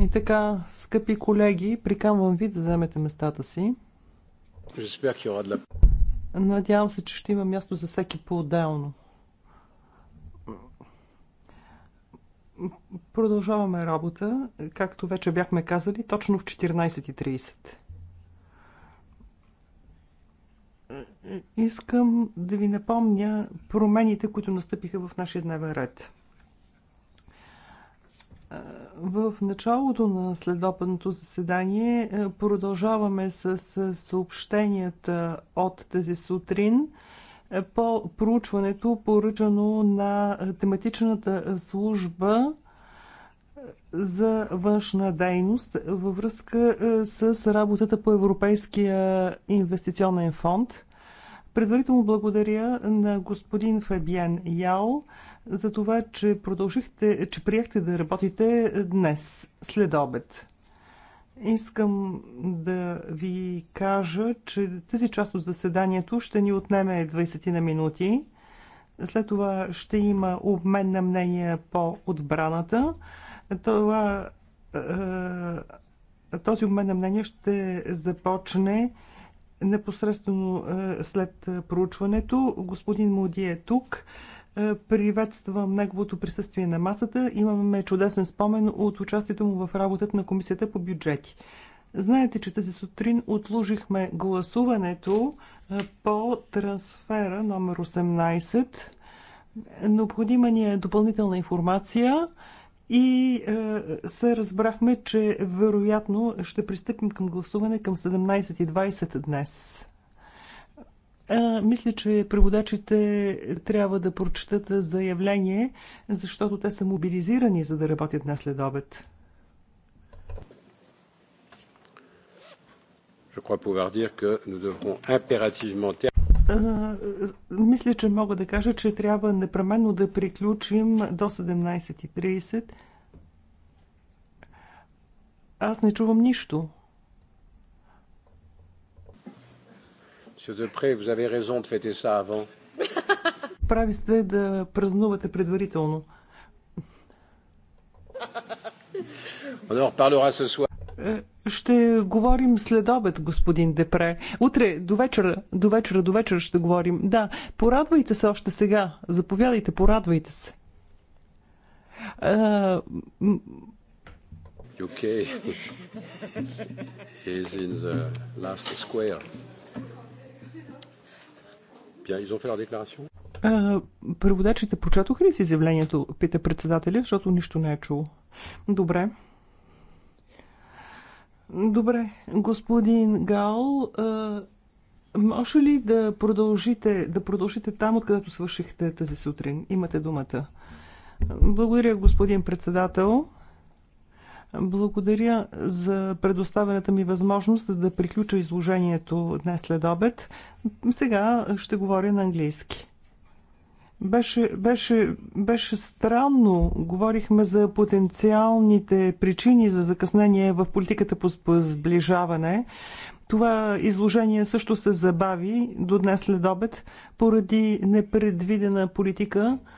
И така, скъпи колеги, приканвам ви да вземете местата си. Надявам се, че ще има място за всеки по-отделно. Продължаваме работа, както вече бяхме казали, точно в 14.30. Искам да ви напомня промените, които настъпиха в нашия дневен ред. В началото на следобедното заседание е, продължаваме с съобщенията от тази сутрин е, по проучването, поръчано на е, тематичната служба за външна дейност във връзка с работата по Европейския инвестиционен фонд. Предварително благодаря на господин Фабиан Ял, за това, че продължихте, че приехте да работите днес, след обед. Искам да ви кажа, че тази част от заседанието ще ни отнеме 20 на минути. След това ще има обмен на мнения по отбраната. Това, е, този обмен на мнения ще започне непосредствено е, след е, проучването. Господин Моди е тук. Е, приветствам неговото присъствие на масата. Имаме чудесен спомен от участието му в работата на Комисията по бюджети. Знаете, че тази сутрин отложихме гласуването е, по трансфера номер 18. Необходима ни е допълнителна информация и е, се разбрахме, че вероятно ще пристъпим към гласуване към 17.20 днес. А, мисля, че преводачите трябва да прочитат заявление, защото те са мобилизирани, за да работят на след обед. Je crois pouvoir dire que nous devrons impérativement мисля, че мога да кажа, че трябва непременно да приключим до 17.30. Аз не чувам нищо. Прави сте да празнувате предварително. Е, ще говорим след обед, господин Депре. Утре, до вечера, до вечера, до вечера ще говорим. Да, порадвайте се още сега. Заповядайте, порадвайте се. А... Е, okay. He's in the last square декларация. преводачите прочетоха ли си изявлението, пита председателя, защото нищо не е чул. Добре. Добре, господин Гал, може ли да продължите, да продължите там, откъдето свършихте тази сутрин? Имате думата. Благодаря, господин председател. Благодаря за предоставената ми възможност да приключа изложението днес след обед. Сега ще говоря на английски. Беше, беше, беше странно. Говорихме за потенциалните причини за закъснение в политиката по сближаване. Това изложение също се забави до днес след обед поради непредвидена политика –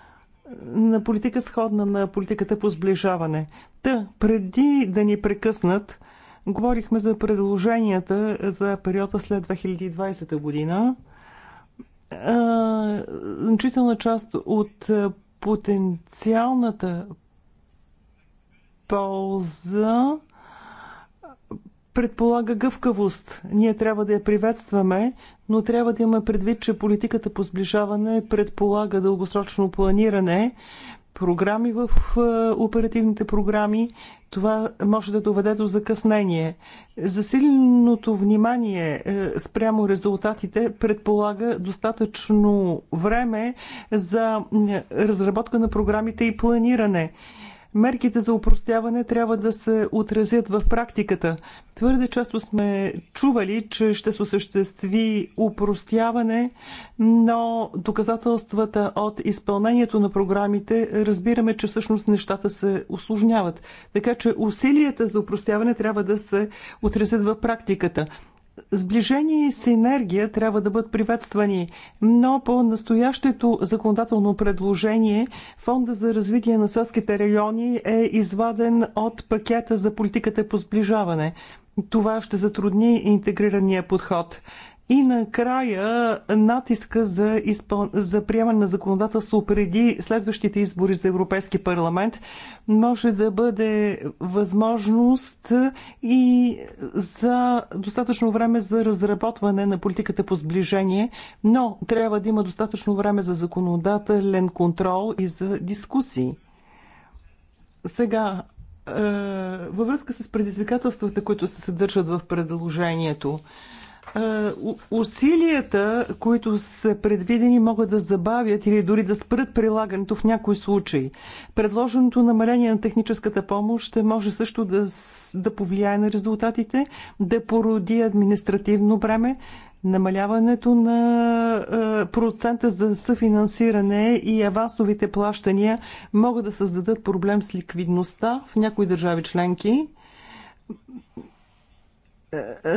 на политика сходна на политиката по сближаване. Та, преди да ни прекъснат, говорихме за предложенията за периода след 2020 година. Значителна част от потенциалната полза предполага гъвкавост. Ние трябва да я приветстваме, но трябва да има предвид, че политиката по сближаване предполага дългосрочно планиране, програми в е, оперативните програми, това може да доведе до закъснение. Засиленото внимание е, спрямо резултатите предполага достатъчно време за разработка на програмите и планиране. Мерките за упростяване трябва да се отразят в практиката. Твърде често сме чували, че ще се осъществи упростяване, но доказателствата от изпълнението на програмите разбираме, че всъщност нещата се осложняват. Така че усилията за упростяване трябва да се отразят в практиката. Сближение и синергия трябва да бъдат приветствани, но по настоящето законодателно предложение Фонда за развитие на селските райони е изваден от пакета за политиката по сближаване. Това ще затрудни интегрирания подход. И накрая натиска за, изпъл... за приемане на законодателство преди следващите избори за Европейски парламент може да бъде възможност и за достатъчно време за разработване на политиката по сближение, но трябва да има достатъчно време за законодателен контрол и за дискусии. Сега, е, във връзка с предизвикателствата, които се съдържат в предложението, усилията, които са предвидени, могат да забавят или дори да спрат прилагането в някои случаи. Предложеното намаление на техническата помощ ще може също да, да повлияе на резултатите, да породи административно бреме, намаляването на процента за съфинансиране и авансовите плащания могат да създадат проблем с ликвидността в някои държави членки е,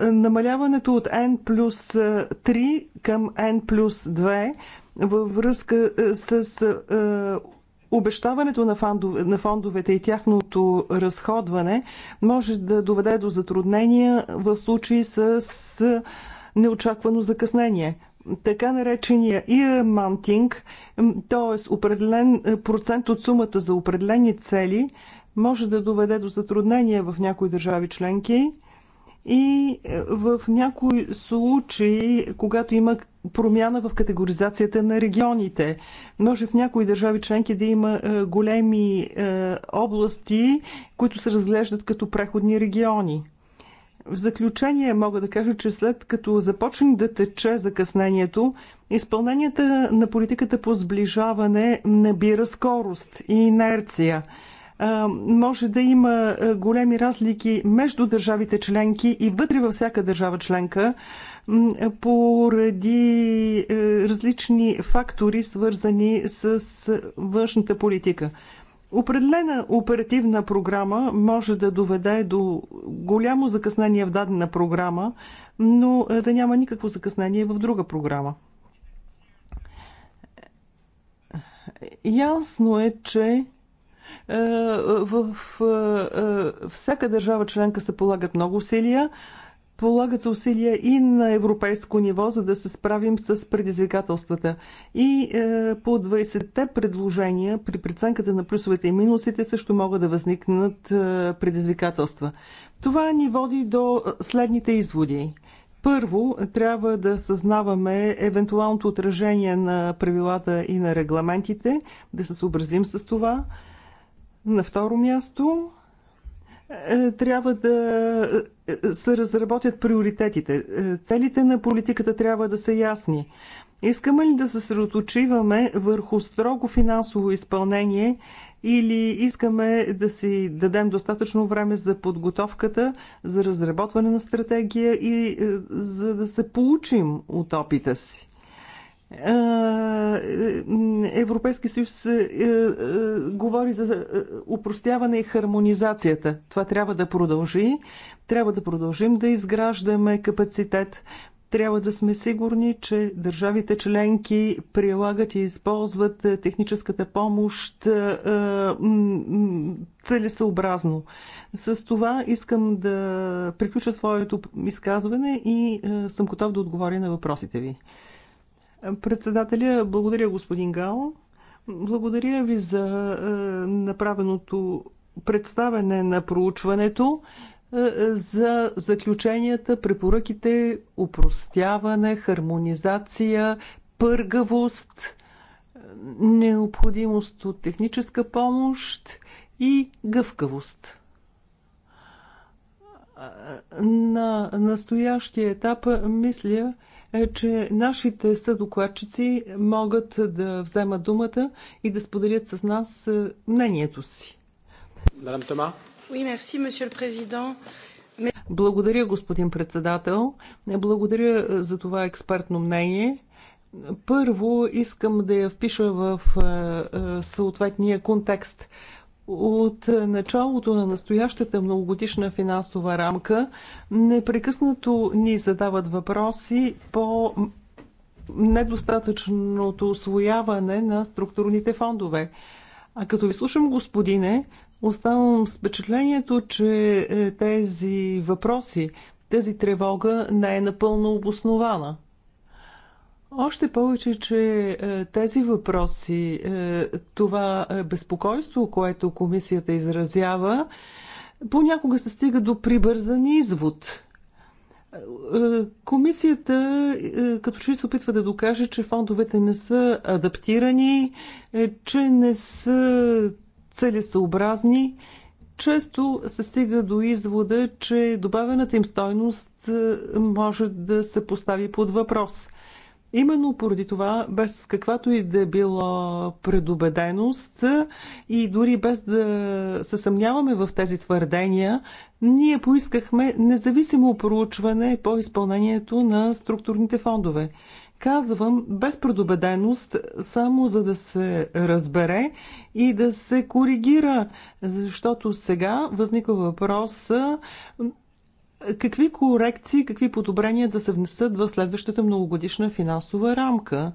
е, намаляването от N плюс 3 е, към N плюс 2 във връзка с обещаването на, фондовете и тяхното разходване може да доведе до затруднения в случай с неочаквано закъснение така наречения earmanting, т.е. определен процент от сумата за определени цели, може да доведе до затруднения в някои държави членки и е, в някои случаи, когато има промяна в категоризацията на регионите. Може в някои държави членки да има е, големи е, области, които се разглеждат като преходни региони. В заключение мога да кажа, че след като започне да тече закъснението, изпълненията на политиката по сближаване набира скорост и инерция може да има големи разлики между държавите членки и вътре във всяка държава членка поради е, различни фактори, свързани с външната политика. Определена оперативна програма може да доведе до голямо закъснение в дадена програма, но е, да няма никакво закъснение в друга програма. Е, ясно е, че е, в е, е, всяка държава членка се полагат много усилия. Полагат се усилия и на европейско ниво, за да се справим с предизвикателствата. И е, по 20-те предложения при преценката на плюсовете и минусите също могат да възникнат е, предизвикателства. Това ни води до следните изводи. Първо, трябва да съзнаваме евентуалното отражение на правилата и на регламентите, да се съобразим с това – на второ място е, трябва да е, е, се разработят приоритетите. Целите на политиката трябва да са ясни. Искаме ли да се съсредоточиваме върху строго финансово изпълнение или искаме да си дадем достатъчно време за подготовката, за разработване на стратегия и за да се получим от опита си? Е, Европейски съюз е, е, говори за упростяване и хармонизацията. Това трябва да продължи. Трябва да продължим да изграждаме капацитет. Трябва да сме сигурни, че държавите членки прилагат и използват техническата помощ целесъобразно. С това искам да приключа своето изказване и съм готов да отговоря на въпросите ви. Председателя, благодаря господин Гао. Благодаря ви за е, направеното представене на проучването е, за заключенията, препоръките, упростяване, хармонизация, пъргавост, необходимост от техническа помощ и гъвкавост. Е, на настоящия етап мисля, е, че нашите съдокладчици могат да вземат думата и да споделят с нас е, мнението си. Мадам Тома. Oui, merci, monsieur le président. Благодаря, господин председател. Благодаря е, за това експертно мнение. Първо искам да я впиша в съответния контекст. От началото на настоящата многогодишна финансова рамка непрекъснато ни задават въпроси по недостатъчното освояване на структурните фондове. А като ви слушам, господине, оставам с впечатлението, че е, тези въпроси, тази тревога не е напълно обоснована. Още повече, че е, тези въпроси, е, това е, безпокойство, което комисията изразява, понякога се стига до прибързан извод. Комисията като че ли се опитва да докаже, че фондовете не са адаптирани, че не са целесообразни. Често се стига до извода, че добавената им стойност може да се постави под въпрос – Именно поради това, без каквато и да е било предубеденост и дори без да се съмняваме в тези твърдения, ние поискахме независимо проучване по изпълнението на структурните фондове. Казвам без предубеденост, само за да се разбере и да се коригира, защото сега възниква въпрос Какви корекции, какви подобрения да се внесат в следващата многогодишна финансова рамка?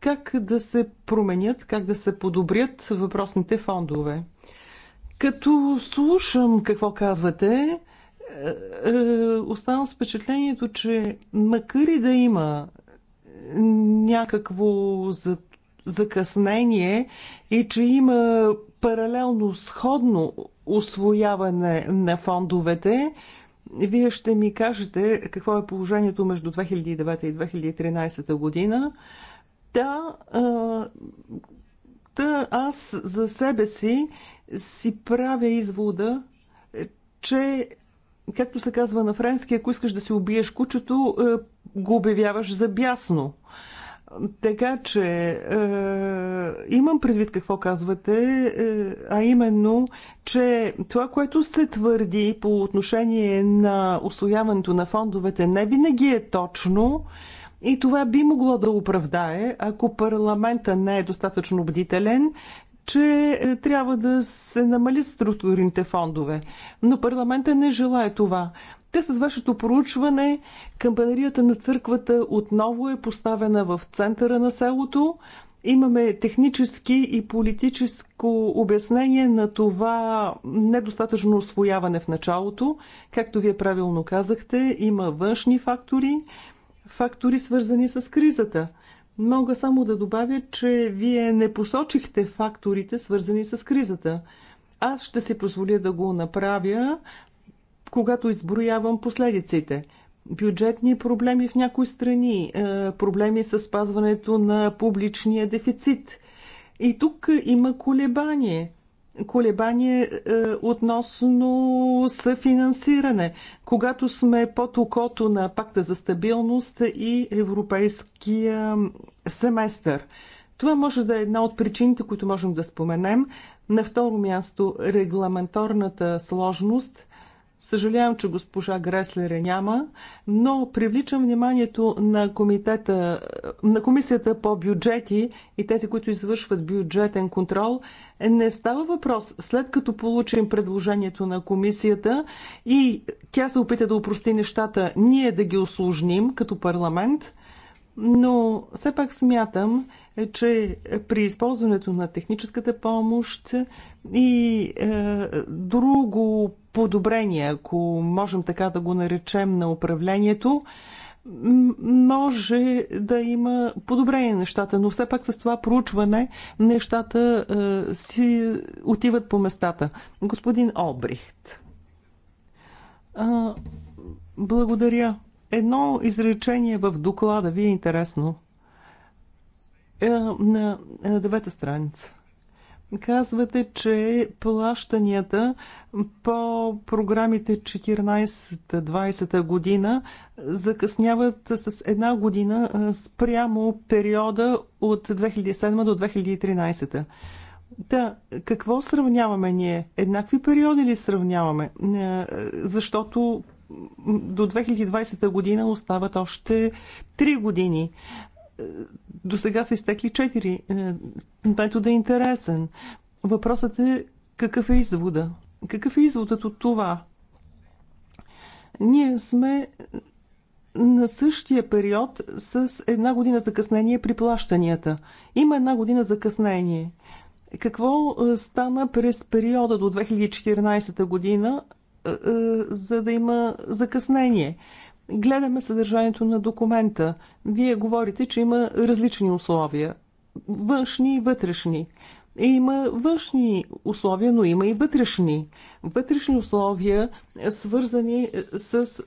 Как да се променят, как да се подобрят въпросните фондове? Като слушам какво казвате, е, е, оставам с впечатлението, че макар и да има някакво закъснение и че има паралелно сходно освояване на фондовете, вие ще ми кажете какво е положението между 2009 и 2013 година. Да, Та аз за себе си си правя извода, че, както се казва на френски, ако искаш да си убиеш кучето, го обявяваш за бясно. Така че е, имам предвид какво казвате, е, а именно, че това, което се твърди по отношение на освояването на фондовете, не винаги е точно. И това би могло да оправдае, ако парламента не е достатъчно бдителен, че е, трябва да се намалят структурните фондове. Но парламента не желая това. Те с вашето проучване камбанарията на църквата отново е поставена в центъра на селото. Имаме технически и политическо обяснение на това недостатъчно освояване в началото. Както вие правилно казахте, има външни фактори, фактори свързани с кризата. Мога само да добавя, че вие не посочихте факторите свързани с кризата. Аз ще си позволя да го направя, когато изброявам последиците бюджетни проблеми в някои страни, е, проблеми с спазването на публичния дефицит. И тук има колебание. Колебание е, относно съфинансиране, когато сме под окото на Пакта за стабилност и Европейския семестър. Това може да е една от причините, които можем да споменем. На второ място, регламенторната сложност – Съжалявам, че госпожа е няма, но привличам вниманието на, комитета, на комисията по бюджети и тези, които извършват бюджетен контрол. Не става въпрос, след като получим предложението на комисията и тя се опита да упрости нещата, ние да ги осложним като парламент – но все пак смятам, че при използването на техническата помощ и е, друго подобрение, ако можем така да го наречем на управлението, може да има подобрение на нещата, но все пак с това проучване нещата е, си отиват по местата. Господин Обрихт. Е, благодаря. Едно изречение в доклада ви е интересно. Е, на е, девета страница. Казвате, че плащанията по програмите 14-20 година закъсняват с една година е, спрямо периода от 2007 до 2013. Да, какво сравняваме ние? Еднакви периоди ли сравняваме? Е, защото до 2020 година остават още 3 години. Е, до сега са изтекли 4. Е, да е интересен. Въпросът е какъв е извода? Какъв е изводът от това? Ние сме на същия период с една година закъснение при плащанията. Има една година закъснение. Какво е, стана през периода до 2014 година е, е, за да има закъснение. Гледаме съдържанието на документа. Вие говорите, че има различни условия. Външни и вътрешни. Е, има външни условия, но има и вътрешни. Вътрешни условия, свързани с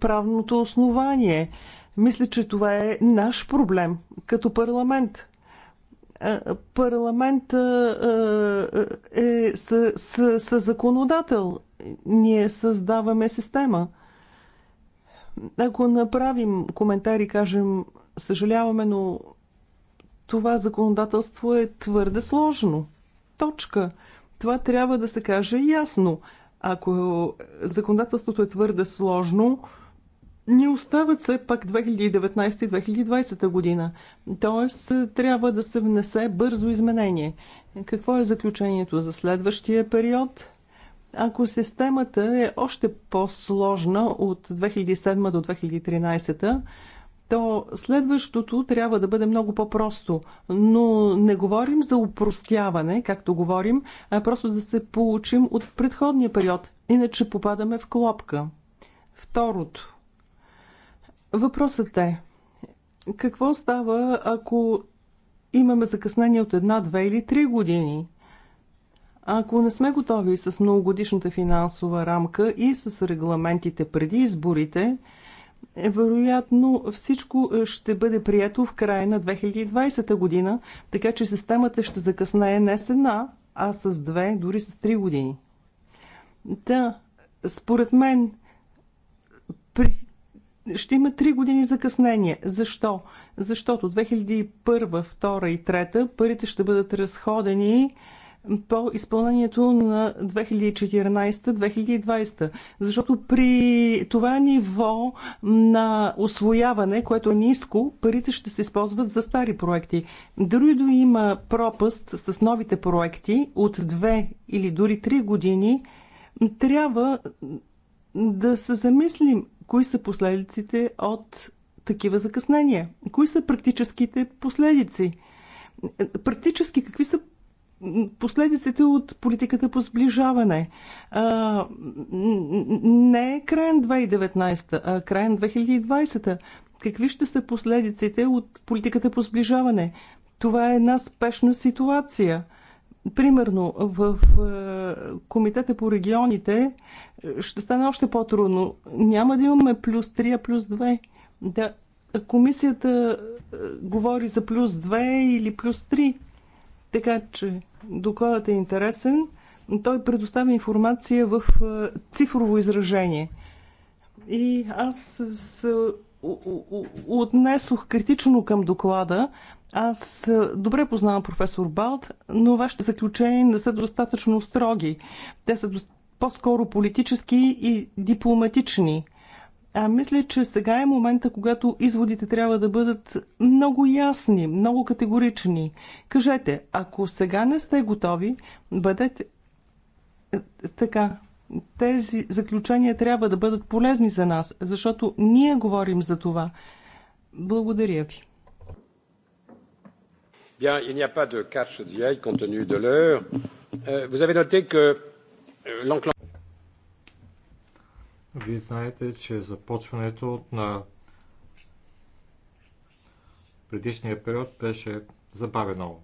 правното основание. Мисля, че това е наш проблем като парламент. Парламент е, е, е със законодател. Ние създаваме система. Ако направим коментари, кажем, съжаляваме, но това законодателство е твърде сложно. Точка. Това трябва да се каже ясно. Ако законодателството е твърде сложно, ни остават все пак 2019 и 2020 година. Тоест, е, трябва да се внесе бързо изменение. Какво е заключението за следващия период? Ако системата е още по-сложна от 2007 до 2013, то следващото трябва да бъде много по-просто. Но не говорим за упростяване, както говорим, а просто да се получим от предходния период. Иначе попадаме в клопка. Второто. Въпросът е, какво става, ако имаме закъснение от една, две или три години? Ако не сме готови с многогодишната финансова рамка и с регламентите преди изборите, вероятно всичко ще бъде прието в края на 2020 година, така че системата ще закъснее не с една, а с две, дори с три години. Да, според мен, при ще има 3 години закъснение. Защо? Защото 2001, 2002 и 2003 парите ще бъдат разходени по изпълнението на 2014-2020. Защото при това ниво на освояване, което е ниско, парите ще се използват за стари проекти. Дори да има пропаст с новите проекти от 2 или дори 3 години, трябва да се замислим Кои са последиците от такива закъснения? Кои са практическите последици? Практически какви са последиците от политиката по сближаване. А, не е краен 2019, а краен 2020. Какви ще са последиците от политиката по сближаване? Това е една спешна ситуация – Примерно в е, Комитета по регионите е, ще стане още по-трудно. Няма да имаме плюс 3, плюс 2. Да, комисията е, говори за плюс 2 или плюс 3. Така че докладът е интересен. Той предоставя информация в цифрово изражение. И аз се отнесох критично към доклада, аз е, добре познавам професор Балт, но вашите заключения не са достатъчно строги. Те са по-скоро политически и дипломатични. А мисля, че сега е момента, когато изводите трябва да бъдат много ясни, много категорични. Кажете, ако сега не сте готови, бъдете е, така. Тези заключения трябва да бъдат полезни за нас, защото ние говорим за това. Благодаря ви. Bien, il n'y a pas de catch the eye compte tenu de l'heure. Euh, vous avez noté que euh, l'enclenchement. Вие знаете, че започването на предишния период беше забавено.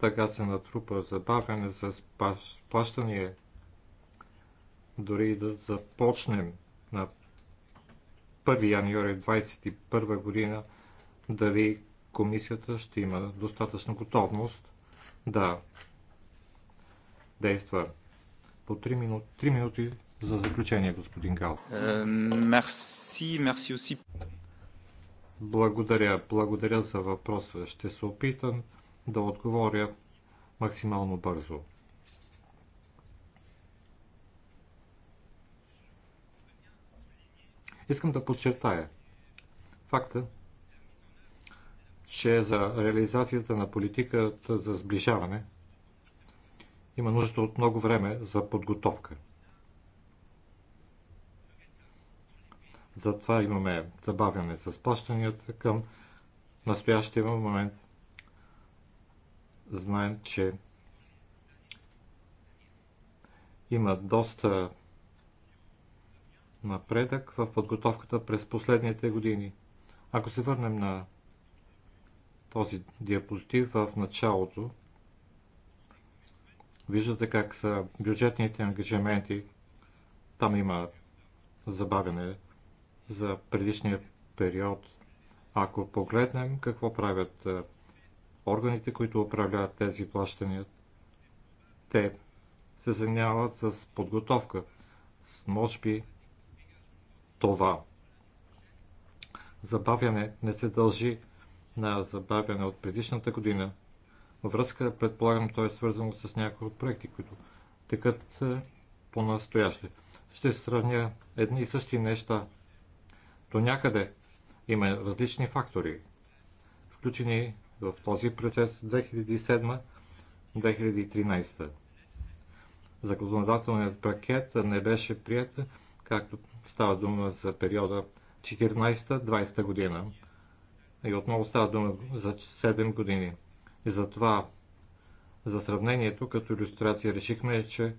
Така се натрупа забавяне с плащане. Дори да започнем на 1 януари 2021 година, дали комисията ще има достатъчна готовност да действа по 3 минути, 3 минути за заключение, господин Гал. Е, мерси, мерси оси. Благодаря, благодаря за въпроса. Ще се опитам да отговоря максимално бързо. Искам да подчертая факта, че за реализацията на политиката за сближаване има нужда от много време за подготовка. Затова имаме забавяне с плащанията към настоящия момент. Знаем, че има доста напредък в подготовката през последните години. Ако се върнем на този диапозитив в началото. Виждате как са бюджетните ангажименти. Там има забавяне за предишния период. Ако погледнем какво правят органите, които управляват тези плащания, те се занимават с подготовка, с може би това. Забавяне не се дължи на забавяне от предишната година. Връзка, предполагам, той е свързано с някои от проекти, които текат е, по-настояще. Ще сравня едни и същи неща. До някъде има различни фактори, включени в този процес 2007-2013. Законодателният пакет не беше прият, както става дума за периода 14-20 година. И отново става дума за 7 години. И затова за сравнението като иллюстрация решихме, че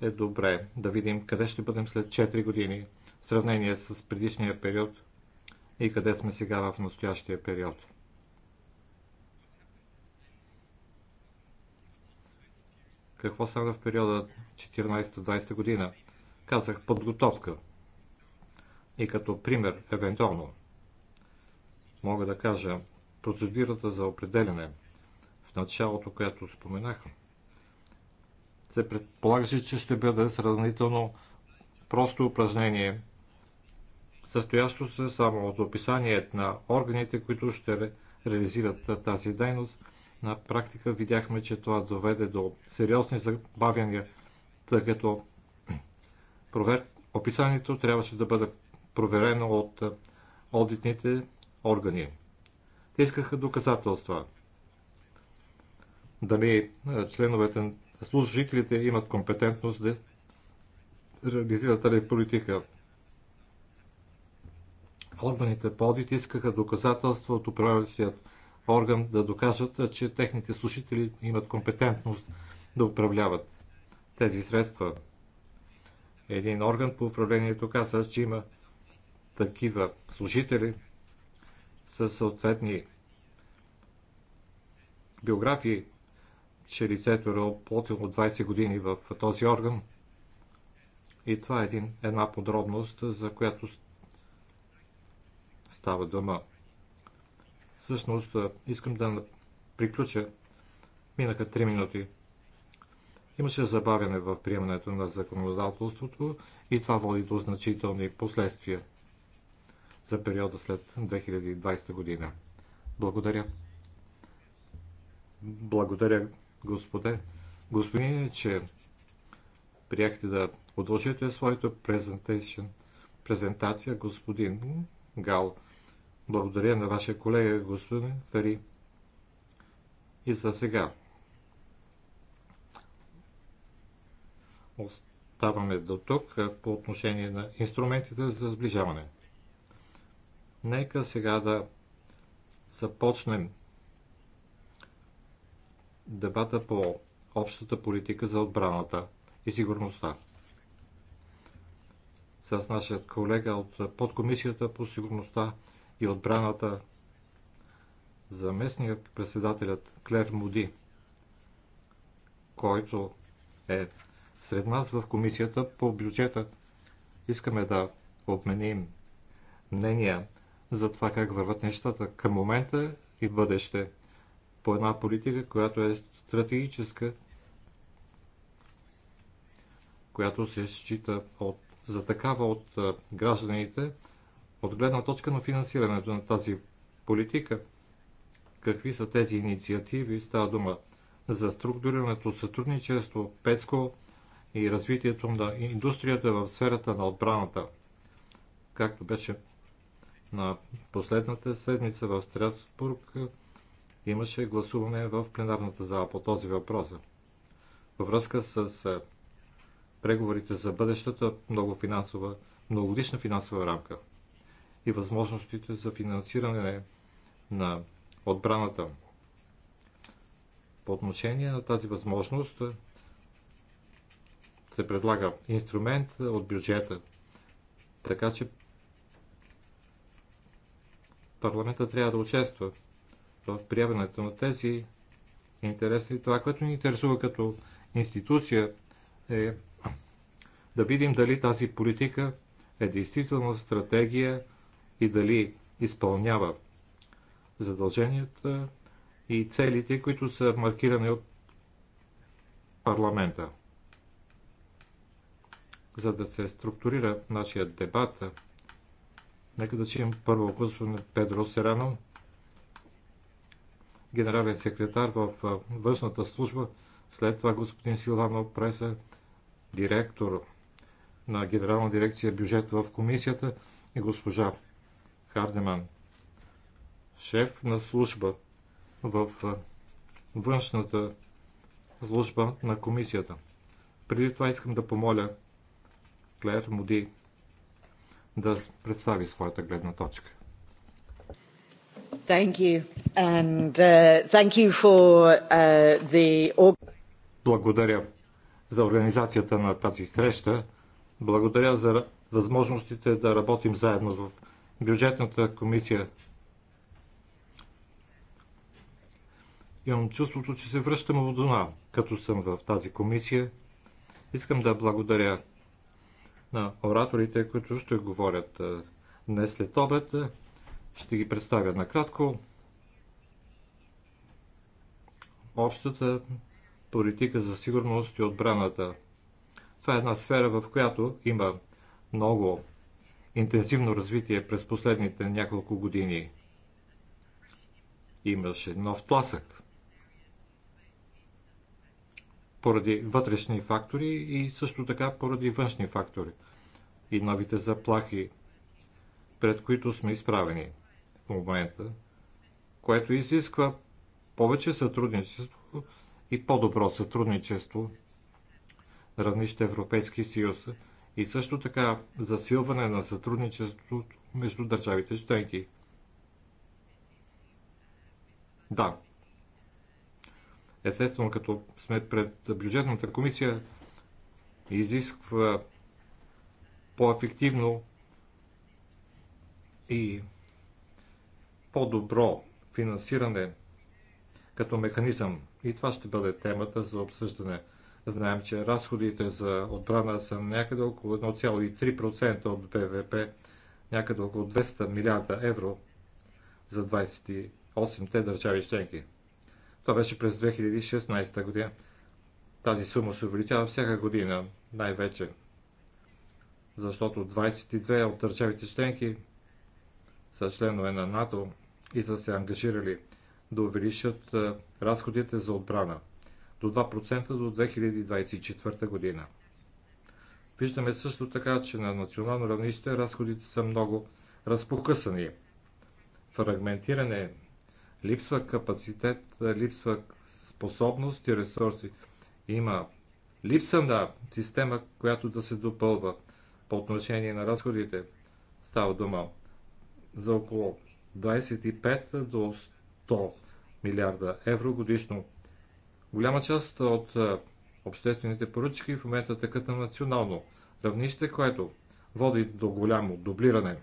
е добре да видим къде ще бъдем след 4 години в сравнение с предишния период и къде сме сега в настоящия период. Какво стана в периода 14-20 година? Казах подготовка. И като пример, евентуално, мога да кажа, процедурата за определене в началото, което споменах, се предполагаше, че ще бъде сравнително просто упражнение, състоящо се само от описание на органите, които ще реализират тази дейност. На практика видяхме, че това доведе до сериозни забавяния, тъй като провер... описанието трябваше да бъде проверено от одитните органи. Те искаха доказателства. Дали членовете, служителите имат компетентност да реализират тази политика. Органите по аудит искаха доказателства от управляващият орган да докажат, че техните служители имат компетентност да управляват тези средства. Един орган по управлението каза, че има такива служители, със съответни биографии, че лицето е работило 20 години в този орган. И това е един, една подробност, за която става дума. Всъщност, искам да приключа. Минаха 3 минути. Имаше забавяне в приемането на законодателството и това води до значителни последствия за периода след 2020 година. Благодаря. Благодаря, господе. Господине, че приехте да удължите своето презентация, господин Гал. Благодаря на вашия колега, господин Фари, И за сега. Оставаме до тук по отношение на инструментите за сближаване. Нека сега да започнем дебата по общата политика за отбраната и сигурността. С нашия колега от подкомисията по сигурността и отбраната, заместник председателят Клер Муди, който е сред нас в комисията по бюджета. Искаме да обменим мнения за това как върват нещата към момента и в бъдеще по една политика, която е стратегическа, която се счита от, за такава от гражданите, от гледна точка на финансирането на тази политика. Какви са тези инициативи? Става дума за структурирането, сътрудничество, ПЕСКО и развитието на индустрията в сферата на отбраната, както беше на последната седмица в Страсбург имаше гласуване в пленарната зала по този въпрос. Във връзка с преговорите за бъдещата много финансова, многогодишна финансова рамка и възможностите за финансиране на отбраната. По отношение на тази възможност се предлага инструмент от бюджета, така че парламента трябва да участва в приемането на тези интереси. Това, което ни интересува като институция е да видим дали тази политика е действително стратегия и дали изпълнява задълженията и целите, които са маркирани от парламента. За да се структурира нашия дебат, Нека да чуем първо господин Педро Серано, генерален секретар в външната служба, след това господин Силвано Преса, директор на Генерална дирекция бюджет в комисията и госпожа Хардеман, шеф на служба в външната служба на комисията. Преди това искам да помоля Клер Моди да представи своята гледна точка. Thank you. And, uh, thank you for, uh, the... Благодаря за организацията на тази среща. Благодаря за възможностите да работим заедно в бюджетната комисия. Имам чувството, че се връщам от Дона, като съм в тази комисия. Искам да благодаря на ораторите, които ще говорят е, днес след обед. Е, ще ги представя накратко. Общата политика за сигурност и отбраната. Това е една сфера, в която има много интензивно развитие през последните няколко години. Имаше нов тласък поради вътрешни фактори и също така поради външни фактори и новите заплахи, пред които сме изправени в момента, което изисква повече сътрудничество и по-добро сътрудничество на равнище Европейски съюз и също така засилване на сътрудничеството между държавите членки. Да, естествено като сме пред бюджетната комисия, изисква по-ефективно и по-добро финансиране като механизъм. И това ще бъде темата за обсъждане. Знаем, че разходите за отбрана са някъде около 1,3% от БВП, някъде около 200 милиарда евро за 28-те държави членки. Това беше през 2016 година. Тази сума се увеличава всяка година, най-вече. Защото 22 от държавите членки са членове на НАТО и са се ангажирали да увеличат е, разходите за отбрана до 2% до 2024 година. Виждаме също така, че на национално равнище разходите са много разпокъсани. Фрагментиране Липсва капацитет, липсва способност и ресурси. Има липса на система, която да се допълва по отношение на разходите. Става дума за около 25 до 100 милиарда евро годишно. Голяма част от обществените поръчки в момента тъкат на национално равнище, което води до голямо дублиране.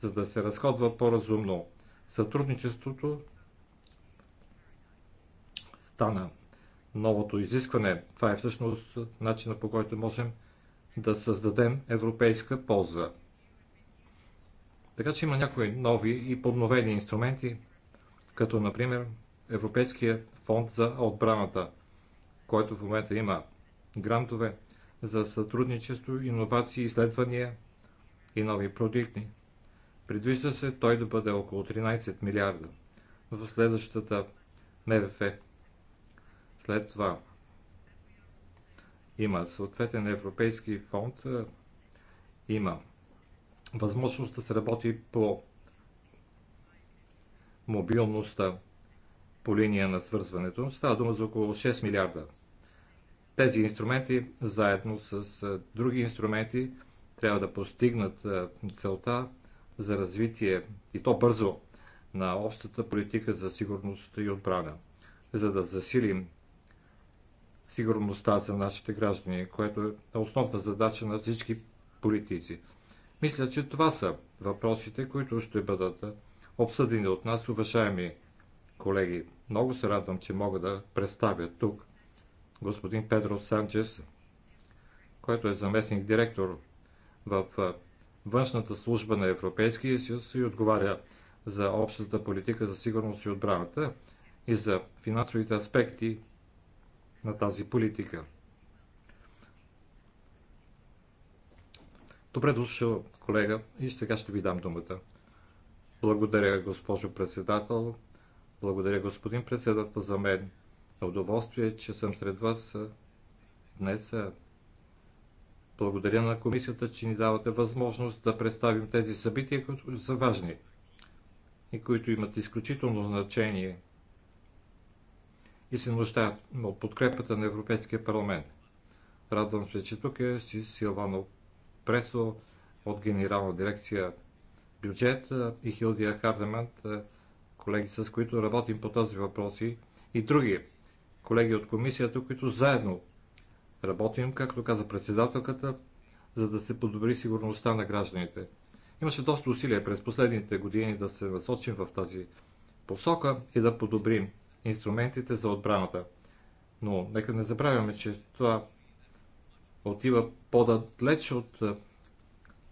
За да се разходва по-разумно сътрудничеството, стана новото изискване. Това е всъщност начина по който можем да създадем европейска полза. Така че има някои нови и подновени инструменти, като например Европейския фонд за отбраната, който в момента има грантове за сътрудничество, иновации, изследвания и нови продукти. Предвижда се той да бъде около 13 милиарда в следващата МВФ след това има съответен европейски фонд, има възможност да се работи по мобилността по линия на свързването. Става дума за около 6 милиарда. Тези инструменти, заедно с други инструменти, трябва да постигнат целта за развитие и то бързо на общата политика за сигурност и отбрана, за да засилим сигурността за нашите граждани, което е основна задача на всички политици. Мисля, че това са въпросите, които ще бъдат обсъдени от нас, уважаеми колеги. Много се радвам, че мога да представя тук господин Педро Санчес, който е заместник директор в външната служба на Европейския съюз и отговаря за общата политика за сигурност и отбраната и за финансовите аспекти на тази политика. Добре дошъл, колега, и сега ще ви дам думата. Благодаря, госпожо председател. Благодаря, господин председател, за мен. Удоволствие, че съм сред вас днес. Благодаря на комисията, че ни давате възможност да представим тези събития, които са важни и които имат изключително значение – и се нуждаят от подкрепата на Европейския парламент. Радвам се, че тук е Силвано Пресо от Генерална дирекция бюджет и Хилдия Хардемант, колеги с които работим по този въпроси и други колеги от комисията, които заедно работим, както каза председателката, за да се подобри сигурността на гражданите. Имаше доста усилия през последните години да се насочим в тази посока и да подобрим инструментите за отбраната. Но нека не забравяме, че това отива по-далеч от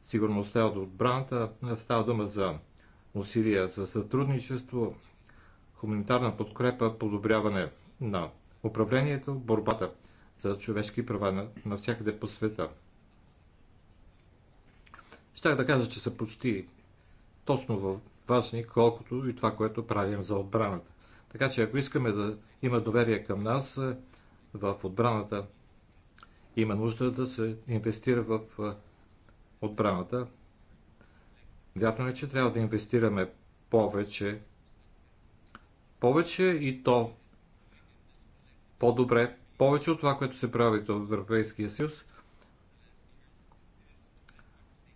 сигурността от отбраната. Става дума за усилия за сътрудничество, хуманитарна подкрепа, подобряване на управлението, борбата за човешки права навсякъде по света. Щях да кажа, че са почти точно важни, колкото и това, което правим за отбраната. Така че ако искаме да има доверие към нас е, в отбраната, има нужда да се инвестира в е, отбраната. Вярно е, че трябва да инвестираме повече. Повече и то по-добре, повече от това, което се прави в Европейския съюз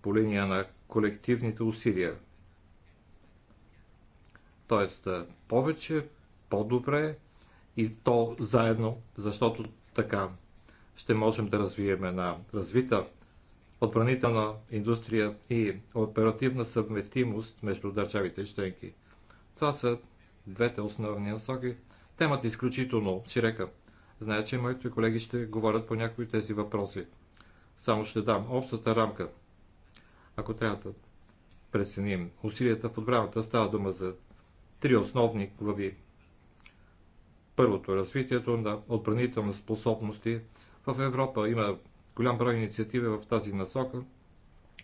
по линия на колективните усилия. Тоест, е, повече по-добре и то заедно, защото така ще можем да развием една развита отбранителна индустрия и оперативна съвместимост между държавите членки. Това са двете основни насоки. Темата е изключително широка. Зная, че моите колеги ще говорят по някои тези въпроси. Само ще дам общата рамка. Ако трябва да преценим усилията в отбраната, става дума за три основни глави – Първото, е развитието на отбранителни способности. В Европа има голям брой инициативи в тази насока.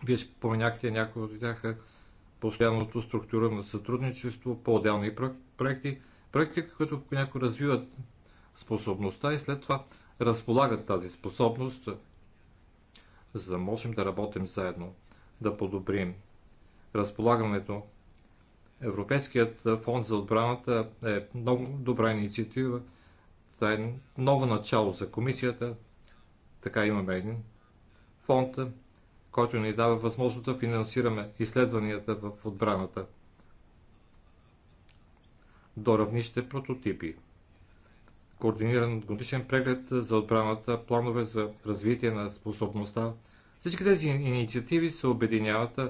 Вие споменахте някои от тях постоянното структура на сътрудничество по отделни проекти, проекти, които някои развиват способността и след това разполагат тази способност, за да можем да работим заедно, да подобрим разполагането Европейският фонд за отбраната е много добра инициатива. Това е ново начало за комисията. Така имаме един фонд, който ни дава възможност да финансираме изследванията в отбраната до равнище прототипи. Координиран годишен преглед за отбраната, планове за развитие на способността. Всички тези инициативи се обединяват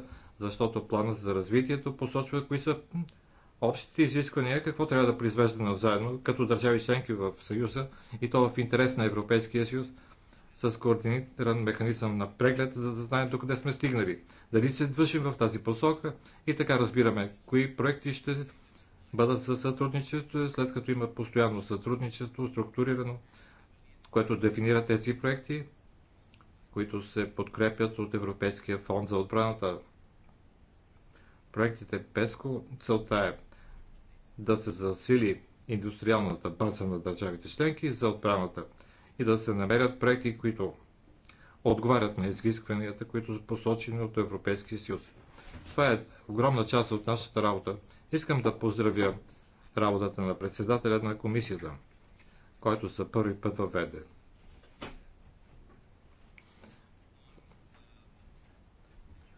защото планът за развитието посочва кои са общите изисквания, какво трябва да произвеждаме заедно като държави членки в Съюза и то в интерес на Европейския съюз с координиран механизъм на преглед, за да знаем докъде сме стигнали, дали се движим в тази посока и така разбираме кои проекти ще бъдат за сътрудничество, след като има постоянно сътрудничество, структурирано, което дефинира тези проекти, които се подкрепят от Европейския фонд за отбраната проектите ПЕСКО целта е да се засили индустриалната база на държавите членки за отбраната и да се намерят проекти, които отговарят на изискванията, които са посочени от Европейския съюз. Това е огромна част от нашата работа. Искам да поздравя работата на председателя на комисията, който за първи път въведе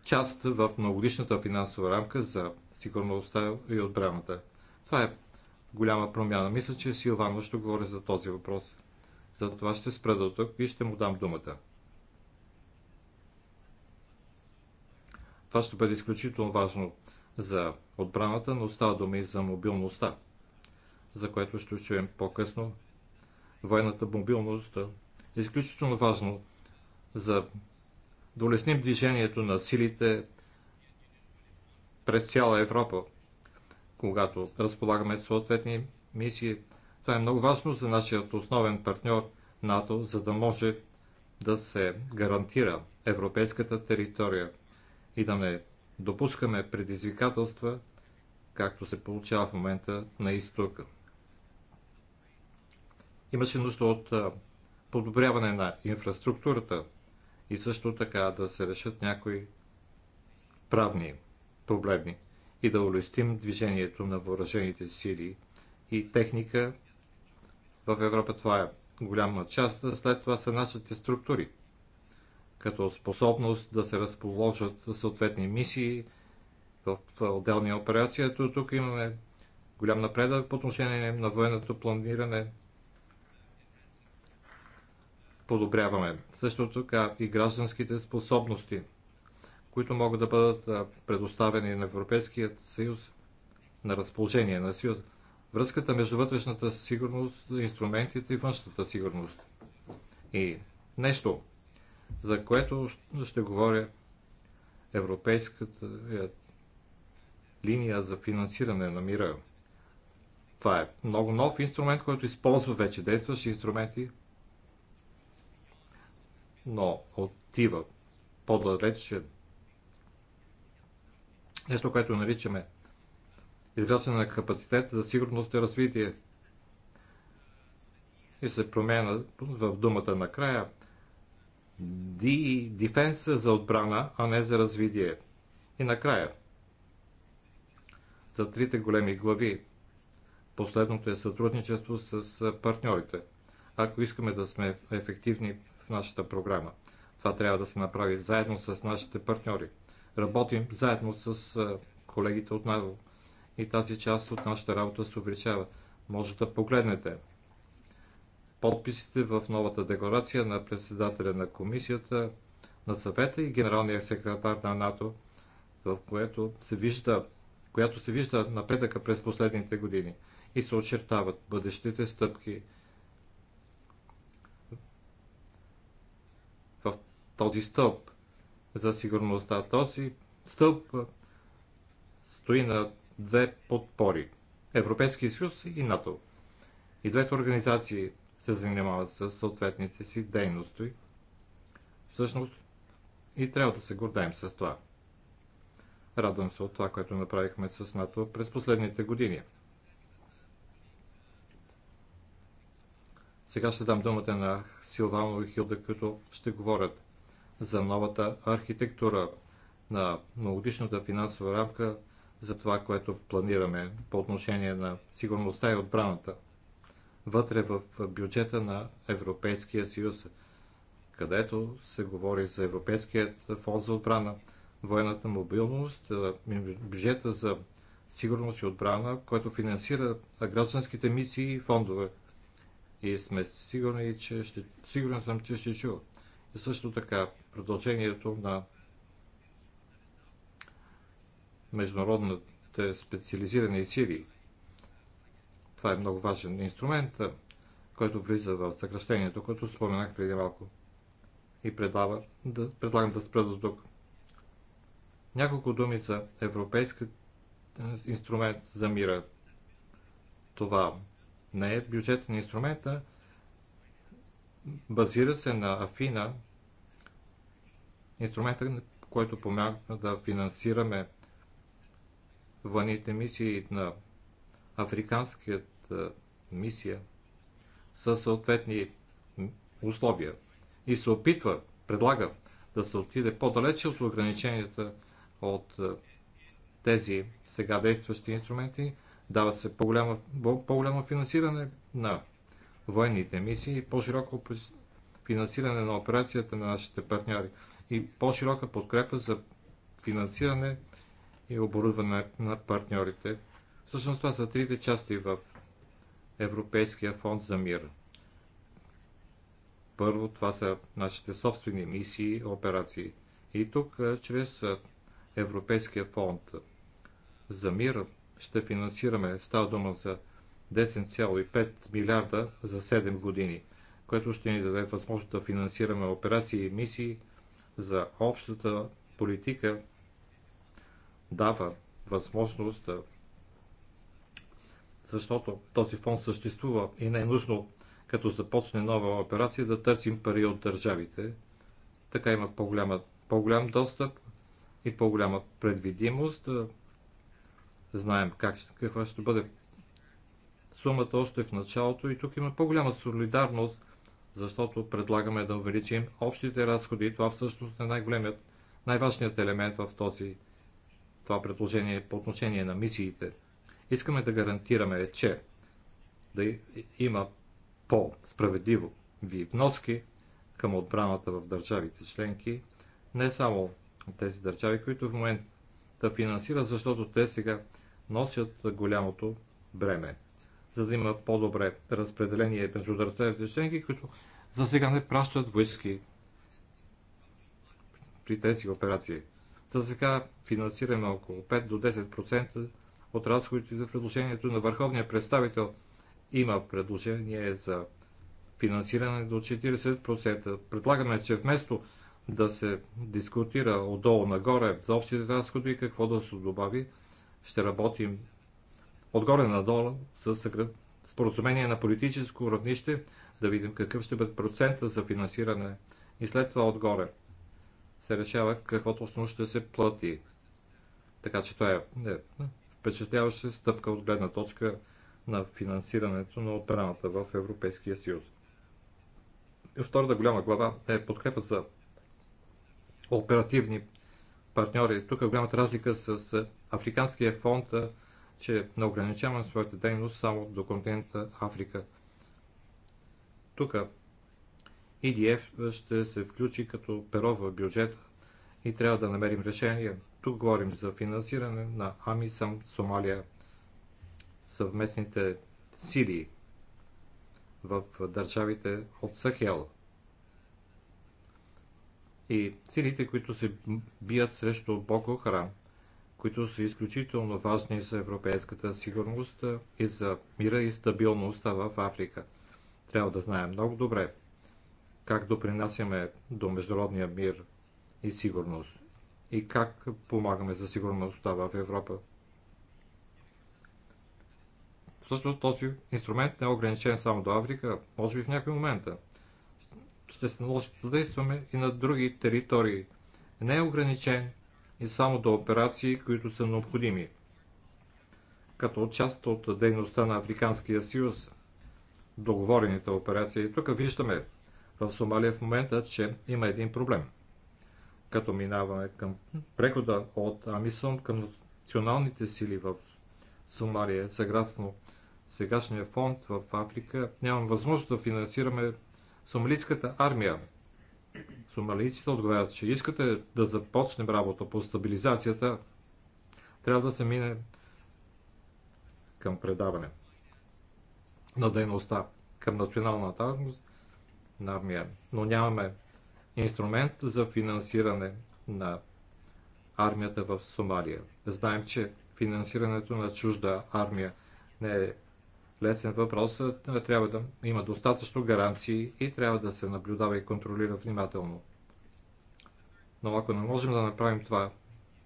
част в многогодишната финансова рамка за сигурността и отбраната. Това е голяма промяна. Мисля, че Силвано ще говори за този въпрос. Затова ще спра до тук и ще му дам думата. Това ще бъде изключително важно за отбраната, но става дума и за мобилността, за което ще чуем по-късно. Военната мобилност е изключително важно за да улесним движението на силите през цяла Европа, когато разполагаме съответни мисии. Това е много важно за нашия основен партньор НАТО, за да може да се гарантира европейската територия и да не допускаме предизвикателства, както се получава в момента на изтока. Имаше нужда от подобряване на инфраструктурата – и също така да се решат някои правни проблеми и да улестим движението на въоръжените сили и техника в Европа. Това е голяма част, а след това са нашите структури, като способност да се разположат съответни мисии в отделни операции. Тук имаме голям напредък по отношение на военното планиране, подобряваме. Също така и гражданските способности, които могат да бъдат предоставени на Европейският съюз на разположение на съюз. Връзката между вътрешната сигурност, инструментите и външната сигурност. И нещо, за което ще говоря европейската е, линия за финансиране на мира. Това е много нов инструмент, който използва вече действащи инструменти но отива по-далеч. Нещо, което наричаме изграждане на капацитет за сигурност и развитие. И се променя в думата накрая дефенса за отбрана, а не за развитие. И накрая, за трите големи глави, последното е сътрудничество с партньорите. Ако искаме да сме ефективни нашата програма. Това трябва да се направи заедно с нашите партньори. Работим заедно с колегите от НАРО и тази част от нашата работа се увеличава. Може да погледнете подписите в новата декларация на председателя на комисията, на съвета и генералния секретар на НАТО, в което се вижда, която се вижда напредъка през последните години и се очертават бъдещите стъпки – този стълб за сигурността. Този стълб стои на две подпори Европейски съюз и НАТО. И двете организации се занимават с съответните си дейности. Всъщност и трябва да се гордаем с това. Радвам се от това, което направихме с НАТО през последните години. Сега ще дам думата на Силвано и Хилда, които ще говорят за новата архитектура на многодишната финансова рамка за това, което планираме по отношение на сигурността и отбраната вътре в бюджета на Европейския съюз, където се говори за Европейският фонд за отбрана, военната мобилност, бюджета за сигурност и отбрана, който финансира гражданските мисии и фондове. И сме сигурни, че ще, сигурен съм, че ще чу също така, продължението на международните специализирани сили. Това е много важен инструмент, който влиза в съкръщението, което споменах преди малко. И предлага, да, предлагам да спра до тук. Няколко думи за европейски е, инструмент за мира. Това не е бюджетен инструмент, базира се на Афина Инструмента, който помага да финансираме военните мисии на африканският мисия със съответни условия и се опитва, предлага да се отиде по-далече от ограниченията от тези сега действащи инструменти, дава се по-голямо, по-голямо финансиране на военните мисии и по-широко финансиране на операцията на нашите партньори и по-широка подкрепа за финансиране и оборудване на партньорите. Всъщност това са трите части в Европейския фонд за мир. Първо, това са нашите собствени мисии, операции. И тук, чрез Европейския фонд за мир, ще финансираме, става дума за 10,5 милиарда за 7 години, което ще ни даде възможност да финансираме операции и мисии за общата политика дава възможност, защото този фонд съществува и не е нужно, като започне нова операция, да търсим пари от държавите. Така има по-голям по достъп и по-голяма предвидимост. знаем как, каква ще бъде сумата още в началото и тук има по-голяма солидарност защото предлагаме да увеличим общите разходи. Това всъщност е най-големият, най-важният елемент в този, това предложение по отношение на мисиите. Искаме да гарантираме, че да има по-справедливо ви вноски към отбраната в държавите членки, не само тези държави, които в момента да финансират, защото те сега носят голямото бреме за да има по-добре разпределение между държавите членки, които за сега не пращат войски при тези операции. За сега финансираме около 5 до 10% от разходите за предложението на върховния представител. Има предложение за финансиране до 40%. Предлагаме, че вместо да се дискутира отдолу нагоре за общите разходи и какво да се добави, ще работим отгоре надолу с споразумение на политическо равнище, да видим какъв ще бъде процента за финансиране и след това отгоре се решава какво точно ще се плати. Така че това е, е впечатляваща стъпка от гледна точка на финансирането на отбраната в Европейския съюз. И втората голяма глава е подкрепа за оперативни партньори. Тук е голямата разлика с е, Африканския фонд е, че е не ограничаваме своята дейност само до континента Африка. Тук EDF ще се включи като перо в бюджета и трябва да намерим решение. Тук говорим за финансиране на Амисам Сомалия, съвместните сили в държавите от Сахел и силите, които се бият срещу Боко Харам които са изключително важни за европейската сигурност и за мира и стабилността в Африка. Трябва да знаем много добре как допринасяме до международния мир и сигурност и как помагаме за сигурността в Европа. Всъщност този инструмент не е ограничен само до Африка, може би в някой момента. Ще се наложи да действаме и на други територии. Не е ограничен и само до операции, които са необходими, като част от дейността на Африканския съюз, договорените операции. Тук виждаме в Сомалия в момента, че има един проблем. Като минаваме към прехода от Амисон към националните сили в Сомалия, съгласно сегашния фонд в Африка, нямам възможност да финансираме сомалийската армия, сомалийците отговарят, че искате да започнем работа по стабилизацията, трябва да се мине към предаване на дейността към националната на армия. Но нямаме инструмент за финансиране на армията в Сомалия. Знаем, че финансирането на чужда армия не е лесен въпрос. Е, трябва да има достатъчно гаранции и трябва да се наблюдава и контролира внимателно. Но ако не можем да направим това,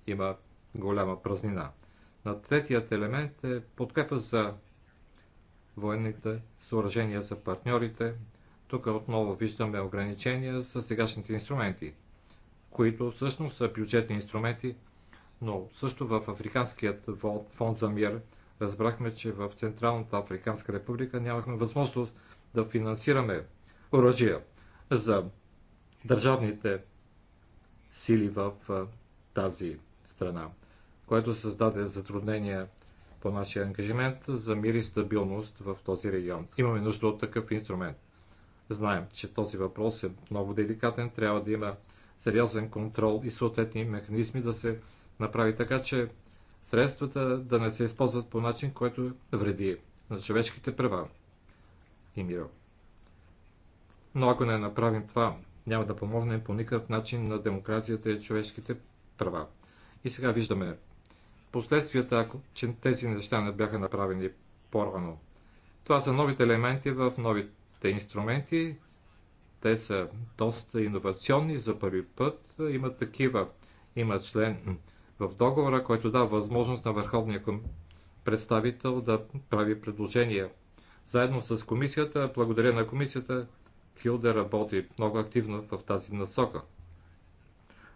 има голяма празнина. На третият елемент е подкрепа за военните съоръжения за партньорите. Тук отново виждаме ограничения с сегашните инструменти, които всъщност са бюджетни инструменти, но също в Африканският фонд за мир – разбрахме, че в Централната Африканска република нямахме възможност да финансираме оръжия за държавните сили в тази страна, което създаде затруднения по нашия ангажимент за мир и стабилност в този регион. Имаме нужда от такъв инструмент. Знаем, че този въпрос е много деликатен, трябва да има сериозен контрол и съответни механизми да се направи така, че средствата да не се използват по начин, който вреди на човешките права и мира. Но ако не направим това, няма да помогнем по никакъв начин на демокрацията и човешките права. И сега виждаме последствията, ако че тези неща не бяха направени по-рано. Това са новите елементи в новите инструменти. Те са доста иновационни за първи път. Има такива. Има член в договора, който дава възможност на върховния представител да прави предложения. Заедно с комисията, благодаря на комисията, Хил работи много активно в тази насока.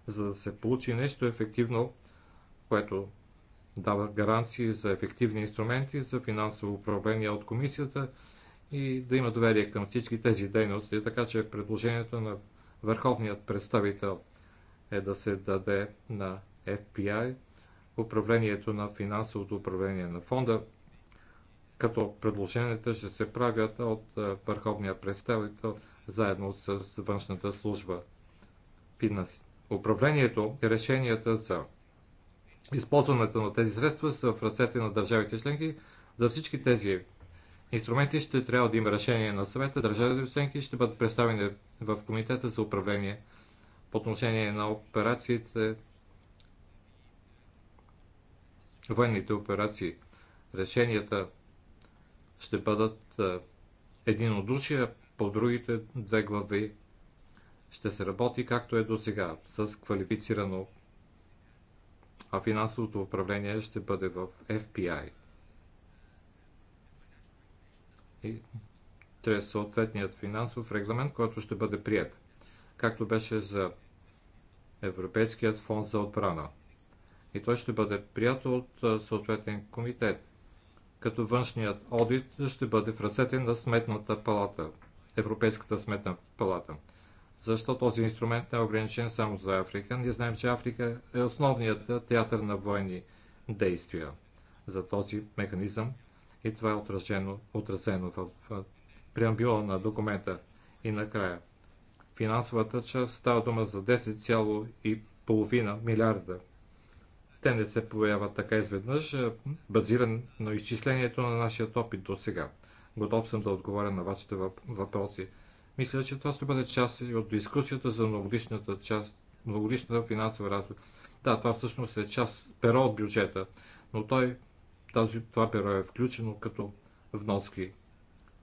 За да се получи нещо ефективно, което дава гаранции за ефективни инструменти за финансово управление от комисията и да има доверие към всички тези дейности, така че предложението на върховният представител е да се даде на FPI, управлението на финансовото управление на фонда, като предложенията ще се правят от е, върховния представител заедно с външната служба. Финанс... Управлението и решенията за използването на тези средства са в ръцете на държавите членки. За всички тези инструменти ще трябва да има решение на съвета. Държавите членки ще бъдат представени в Комитета за управление по отношение на операциите военните операции. Решенията ще бъдат единодушия по другите две глави. Ще се работи както е до сега, с квалифицирано, а финансовото управление ще бъде в FPI. И чрез съответният финансов регламент, който ще бъде прият, както беше за Европейският фонд за отбрана – и той ще бъде прият от съответен комитет, като външният одит ще бъде в ръцете на Сметната палата, Европейската сметна палата. Защо този инструмент не е ограничен само за Африка? Ние знаем, че Африка е основният театър на военни действия за този механизъм и това е отразено, отразено в преамбюла на документа. И накрая, финансовата част става дума за 10,5 милиарда те не се появяват така изведнъж, базиран на изчислението на нашия опит до сега. Готов съм да отговоря на вашите въпроси. Мисля, че това ще бъде част от дискусията за многогодишната част, многогодишната финансова разлика. Да, това всъщност е част, перо от бюджета, но той, тази, това перо е включено като вноски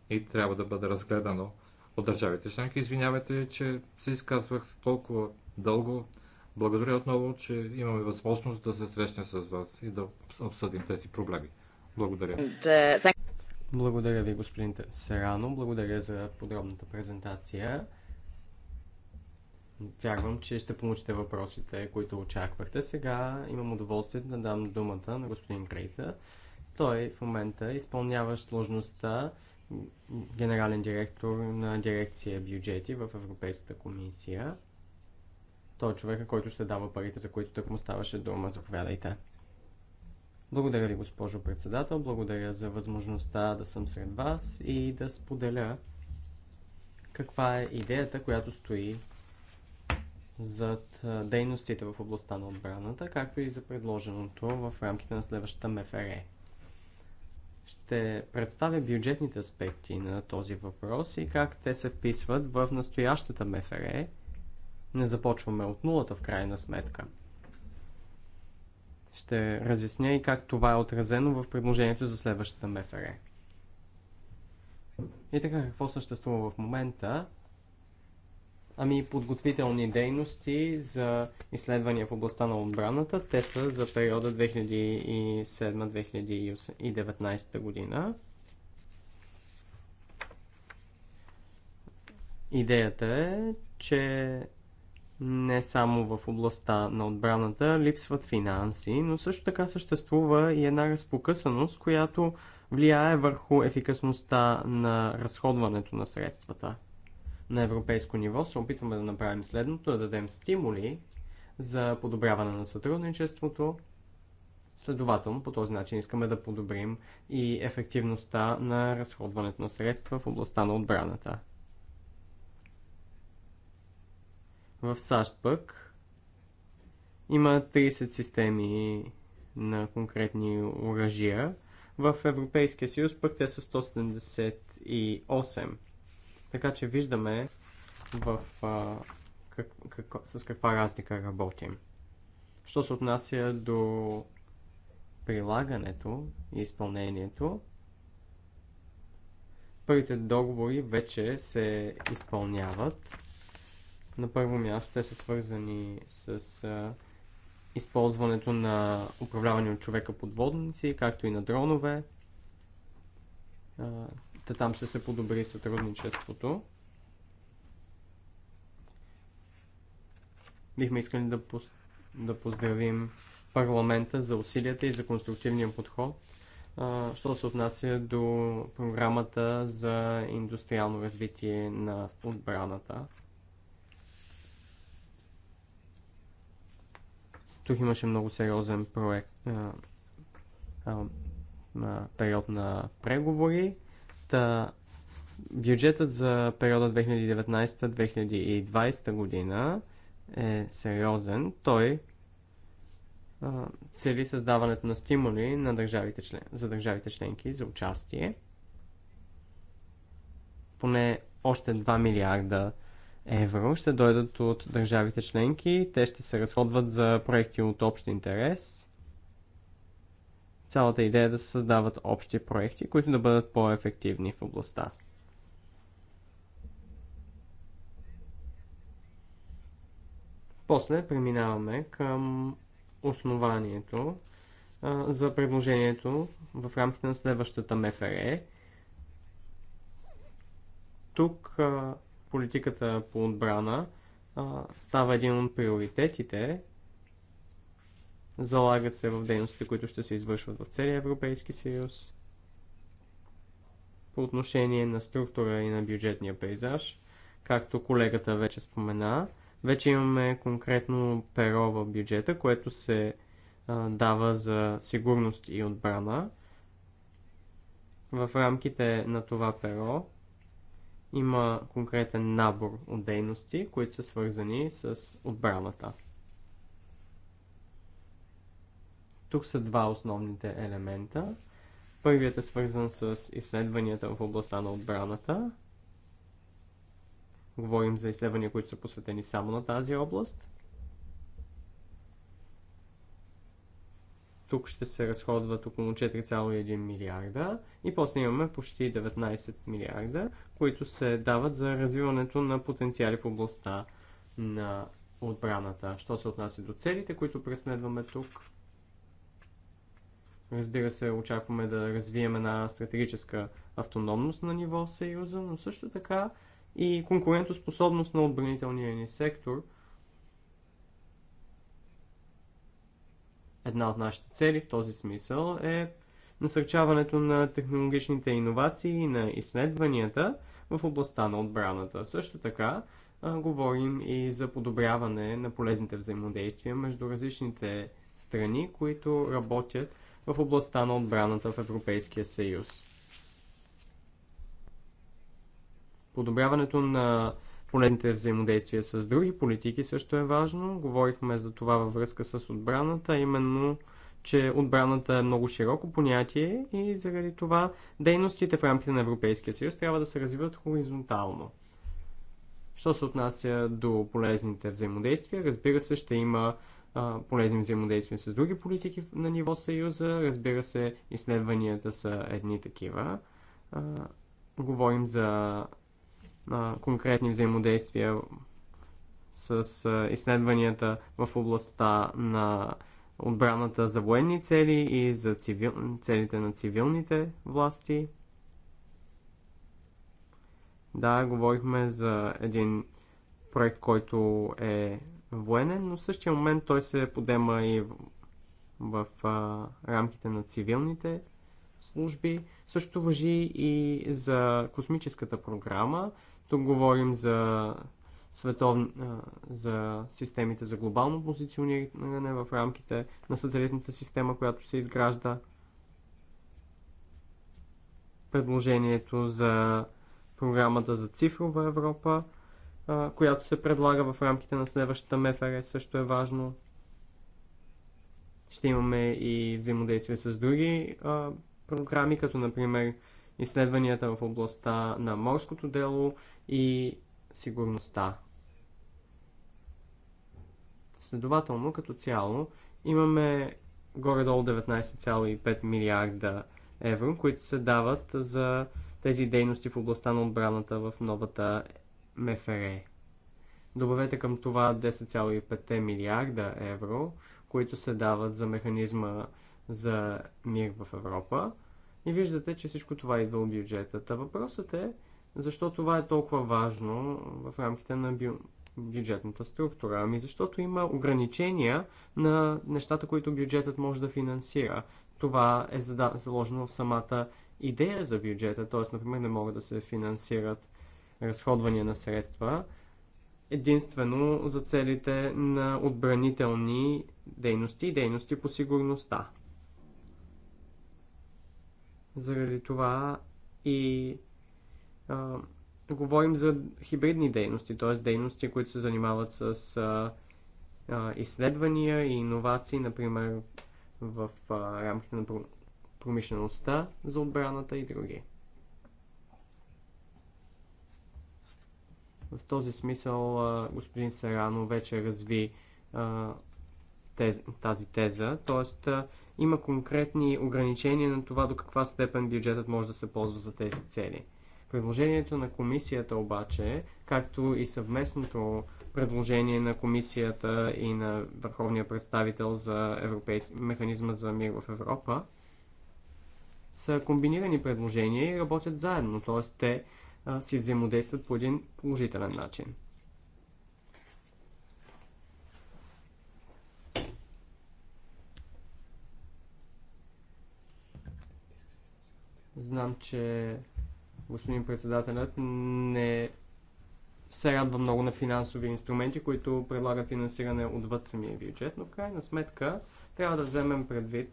и трябва да бъде разгледано от държавите Шанки. Извинявайте, че се изказвах толкова дълго. Благодаря отново, че имаме възможност да се срещнем с вас и да обсъдим тези проблеми. Благодаря. Благодаря ви, господин Серано. Благодаря за подробната презентация. Вярвам, че ще получите въпросите, които очаквахте. Сега имам удоволствие да дам думата на господин Крейса. Той в момента изпълнява сложността генерален директор на дирекция бюджети в Европейската комисия. Той е човека, който ще дава парите, за които тък му ставаше дума. Заповядайте. Благодаря ви, госпожо председател. Благодаря за възможността да съм сред вас и да споделя каква е идеята, която стои зад дейностите в областта на отбраната, както и за предложеното в рамките на следващата МФР. Ще представя бюджетните аспекти на този въпрос и как те се вписват в настоящата МФР – не започваме от нулата в крайна сметка. Ще разясня и как това е отразено в предложението за следващата МФР. И така, какво съществува в момента? Ами подготвителни дейности за изследвания в областта на отбраната. Те са за периода 2007-2019 година. Идеята е, че не само в областта на отбраната, липсват финанси, но също така съществува и една разпокъсаност, която влияе върху ефикасността на разходването на средствата. На европейско ниво се опитваме да направим следното, да дадем стимули за подобряване на сътрудничеството. Следователно, по този начин искаме да подобрим и ефективността на разходването на средства в областта на отбраната. В САЩ пък има 30 системи на конкретни оръжия. В Европейския съюз пък те са 178. Така че виждаме в, а, как, как, с каква разлика работим. Що се отнася до прилагането и изпълнението, първите договори вече се изпълняват на първо място те са свързани с а, използването на управлявани от човека подводници, както и на дронове. А, та там ще се подобри сътрудничеството. Бихме искали да, поз... да поздравим парламента за усилията и за конструктивния подход, а, що се отнася до програмата за индустриално развитие на отбраната. Тук имаше много сериозен проект, а, а, а, период на преговори. Та, бюджетът за периода 2019-2020 година е сериозен. Той а, цели създаването на стимули на държавите член, за държавите членки за участие. Поне още 2 милиарда евро ще дойдат от държавите членки. Те ще се разходват за проекти от общ интерес. Цялата идея е да се създават общи проекти, които да бъдат по-ефективни в областта. После преминаваме към основанието а, за предложението в рамките на следващата МФР. Е. Тук а, политиката по отбрана а, става един от приоритетите. Залага се в дейностите, които ще се извършват в целия Европейски съюз. По отношение на структура и на бюджетния пейзаж, както колегата вече спомена, вече имаме конкретно перо в бюджета, което се а, дава за сигурност и отбрана. В рамките на това перо има конкретен набор от дейности, които са свързани с отбраната. Тук са два основните елемента. Първият е свързан с изследванията в областта на отбраната. Говорим за изследвания, които са посветени само на тази област – Тук ще се разходват около 4,1 милиарда и после имаме почти 19 милиарда, които се дават за развиването на потенциали в областта на отбраната. Що се отнася до целите, които преследваме тук, Разбира се, очакваме да развием една стратегическа автономност на ниво Съюза, но също така и конкурентоспособност на отбранителния ни сектор – Една от нашите цели в този смисъл е насърчаването на технологичните иновации и на изследванията в областта на отбраната. Също така а, говорим и за подобряване на полезните взаимодействия между различните страни, които работят в областта на отбраната в Европейския съюз. Подобряването на полезните взаимодействия с други политики също е важно. Говорихме за това във връзка с отбраната, именно че отбраната е много широко понятие и заради това дейностите в рамките на Европейския съюз трябва да се развиват хоризонтално. Що се отнася до полезните взаимодействия, разбира се, ще има а, полезни взаимодействия с други политики на ниво Съюза. Разбира се, изследванията са едни такива. А, говорим за а, конкретни взаимодействия с а, изследванията в областта на отбраната за военни цели и за цивил... целите на цивилните власти. Да, говорихме за един проект, който е военен, но в същия момент той се подема и в, в а, рамките на цивилните служби. Също въжи и за космическата програма. Тук говорим за, световни, за системите за глобално позициониране в рамките на сателитната система, която се изгражда. Предложението за програмата за цифрова Европа, която се предлага в рамките на следващата МФР, е, също е важно. Ще имаме и взаимодействие с други програми, като например изследванията в областта на морското дело и сигурността. Следователно, като цяло, имаме горе-долу 19,5 милиарда евро, които се дават за тези дейности в областта на отбраната в новата МФР. Добавете към това 10,5 милиарда евро, които се дават за механизма за мир в Европа – и виждате, че всичко това идва от бюджета. Та въпросът е, защо това е толкова важно в рамките на бю... бюджетната структура? Ами защото има ограничения на нещата, които бюджетът може да финансира. Това е заложено в самата идея за бюджета, т.е. например не могат да се финансират разходвания на средства единствено за целите на отбранителни дейности и дейности по сигурността. Заради това и а, говорим за хибридни дейности, т.е. дейности, които се занимават с а, а, изследвания и иновации, например в а, рамките на промишлеността за отбраната и други. В този смисъл господин Сарано вече разви а, тез, тази теза, т.е. има конкретни ограничения на това до каква степен бюджетът може да се ползва за тези цели. Предложението на комисията обаче, както и съвместното предложение на комисията и на върховния представител за европейс... механизма за мир в Европа, са комбинирани предложения и работят заедно, т.е. те а, си взаимодействат по един положителен начин. Знам, че господин председателят не се радва много на финансови инструменти, които предлага финансиране отвъд самия бюджет, но в крайна сметка трябва да вземем предвид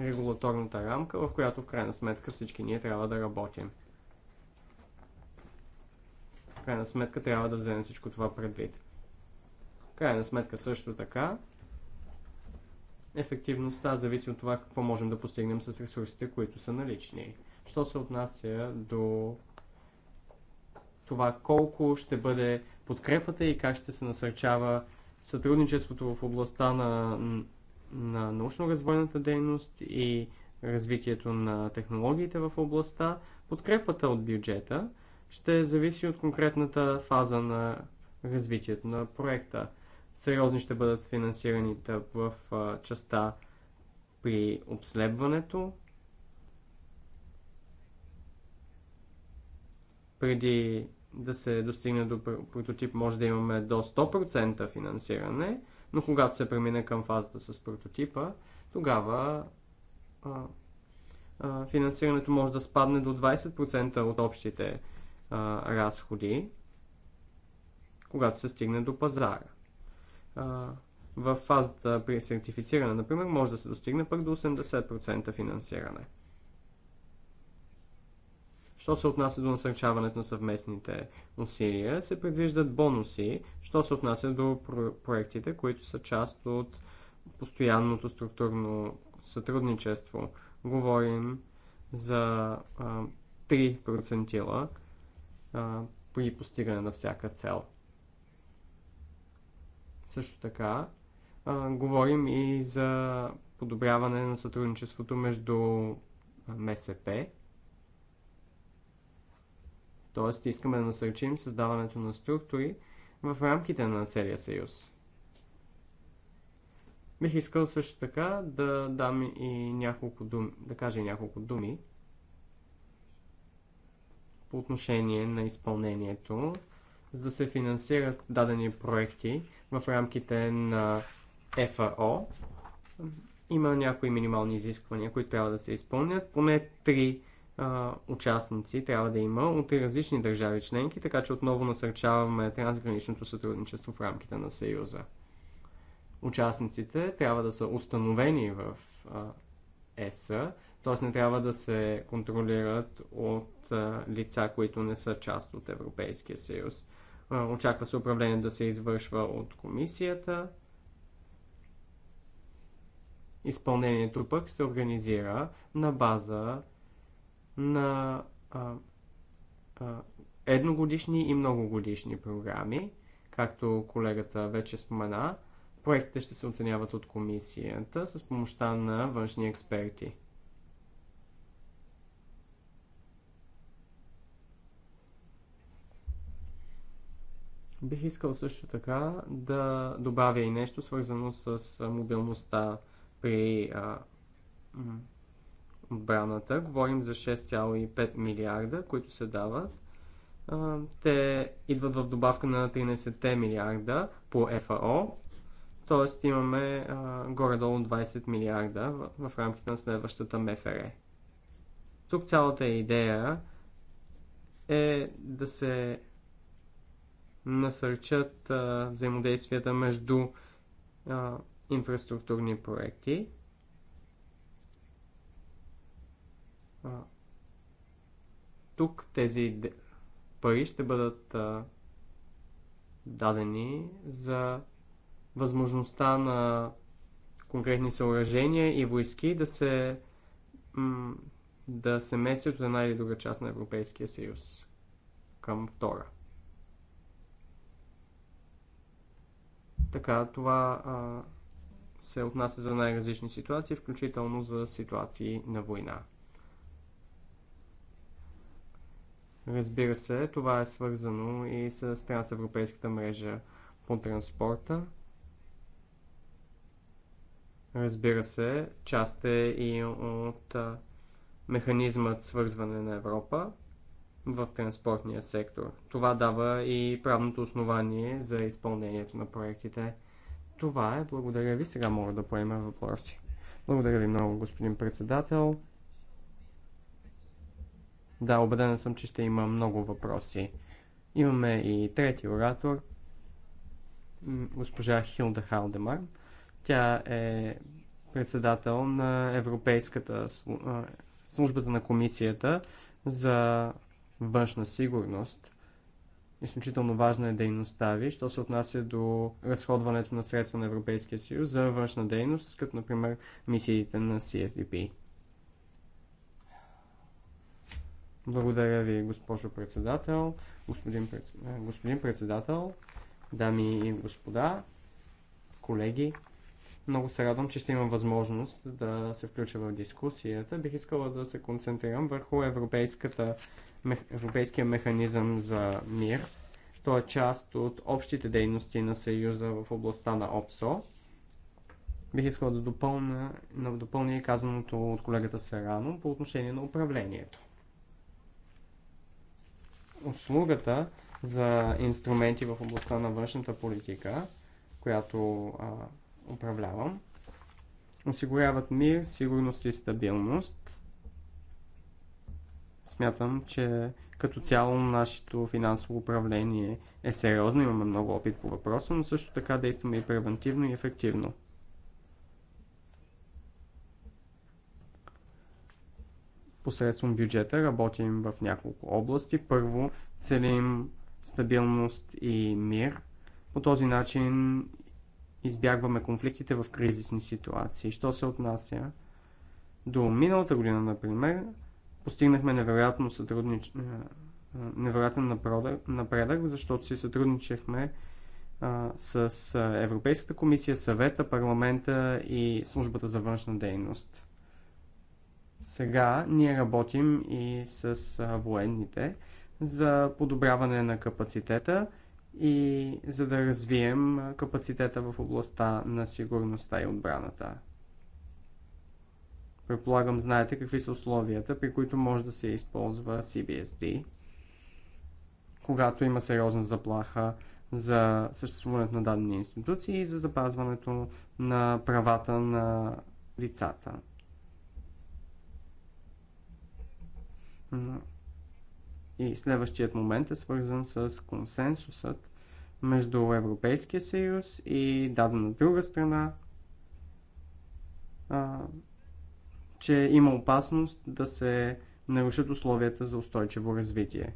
регулаторната рамка, в която в крайна сметка всички ние трябва да работим. В крайна сметка трябва да вземем всичко това предвид. В крайна сметка също така ефективността зависи от това какво можем да постигнем с ресурсите, които са налични. Що се отнася до това колко ще бъде подкрепата и как ще се насърчава сътрудничеството в областта на, на научно-развойната дейност и развитието на технологиите в областта, подкрепата от бюджета ще зависи от конкретната фаза на развитието на проекта сериозни ще бъдат финансираните в частта при обследването. Преди да се достигне до прототип, може да имаме до 100% финансиране, но когато се премине към фазата с прототипа, тогава а, а, финансирането може да спадне до 20% от общите а, разходи, когато се стигне до пазара в фазата при сертифициране, например, може да се достигне пък до 80% финансиране. Що се отнася до насърчаването на съвместните усилия, се предвиждат бонуси, що се отнася до проектите, които са част от постоянното структурно сътрудничество. Говорим за а, 3% а, при постигане на всяка цел – също така, а, говорим и за подобряване на сътрудничеството между МСП. Тоест, искаме да насърчим създаването на структури в рамките на целия съюз. Бих искал също така да дам и няколко думи, да кажа и няколко думи по отношение на изпълнението, за да се финансират дадени проекти в рамките на ФАО. Има някои минимални изисквания, които трябва да се изпълнят. Поне три а, участници трябва да има от различни държави членки, така че отново насърчаваме трансграничното сътрудничество в рамките на Съюза. Участниците трябва да са установени в а, ЕСА, т.е. не трябва да се контролират от а, лица, които не са част от Европейския съюз. Очаква се управлението да се извършва от комисията. Изпълнението пък се организира на база на а, а, едногодишни и многогодишни програми. Както колегата вече спомена, проектите ще се оценяват от комисията с помощта на външни експерти. Бих искал също така да добавя и нещо свързано с мобилността при а, отбраната. Говорим за 6,5 милиарда, които се дават. А, те идват в добавка на 13 милиарда по ФАО, т.е. имаме а, горе-долу 20 милиарда в, в рамките на следващата МФР. Тук цялата идея е да се насърчат а, взаимодействията между а, инфраструктурни проекти. А, тук тези пари ще бъдат а, дадени за възможността на конкретни съоръжения и войски да се, да се местят от една или друга част на Европейския съюз към втора. Така, това а, се отнася за най-различни ситуации, включително за ситуации на война. Разбира се, това е свързано и с трансевропейската мрежа по транспорта. Разбира се, част е и от механизмът свързване на Европа в транспортния сектор. Това дава и правното основание за изпълнението на проектите. Това е. Благодаря ви. Сега мога да поема въпроси. Благодаря ви много, господин председател. Да, убедена съм, че ще има много въпроси. Имаме и трети оратор, госпожа Хилда Халдемар. Тя е председател на Европейската службата на комисията за външна сигурност. Изключително важна е дейността ви, що се отнася до разходването на средства на Европейския съюз за външна дейност, като например мисиите на CSDP. Благодаря ви, госпожо председател, господин, предс... господин председател, дами и господа, колеги. Много се радвам, че ще имам възможност да се включа в дискусията. Бих искала да се концентрирам върху европейската Европейския механизъм за мир. Той е част от общите дейности на Съюза в областта на ОПСО. Бих искал да допълня, да допълня казаното от колегата Серано по отношение на управлението. Услугата за инструменти в областта на външната политика, която а, управлявам, осигуряват мир, сигурност и стабилност Смятам, че като цяло нашето финансово управление е сериозно, имаме много опит по въпроса, но също така действаме и превентивно и ефективно. Посредством бюджета работим в няколко области. Първо целим стабилност и мир. По този начин избягваме конфликтите в кризисни ситуации. Що се отнася до миналата година, например, Постигнахме невероятно сътруднич... Е, е, невероятен напредък, защото си сътрудничахме с Европейската комисия, съвета, парламента и службата за външна дейност. Сега ние работим и с военните за подобряване на капацитета и за да развием капацитета в областта на сигурността и отбраната. Предполагам, знаете какви са условията, при които може да се използва CBSD, когато има сериозна заплаха за съществуването на дадени институции и за запазването на правата на лицата. И следващият момент е свързан с консенсусът между Европейския съюз и дадена друга страна че има опасност да се нарушат условията за устойчиво развитие.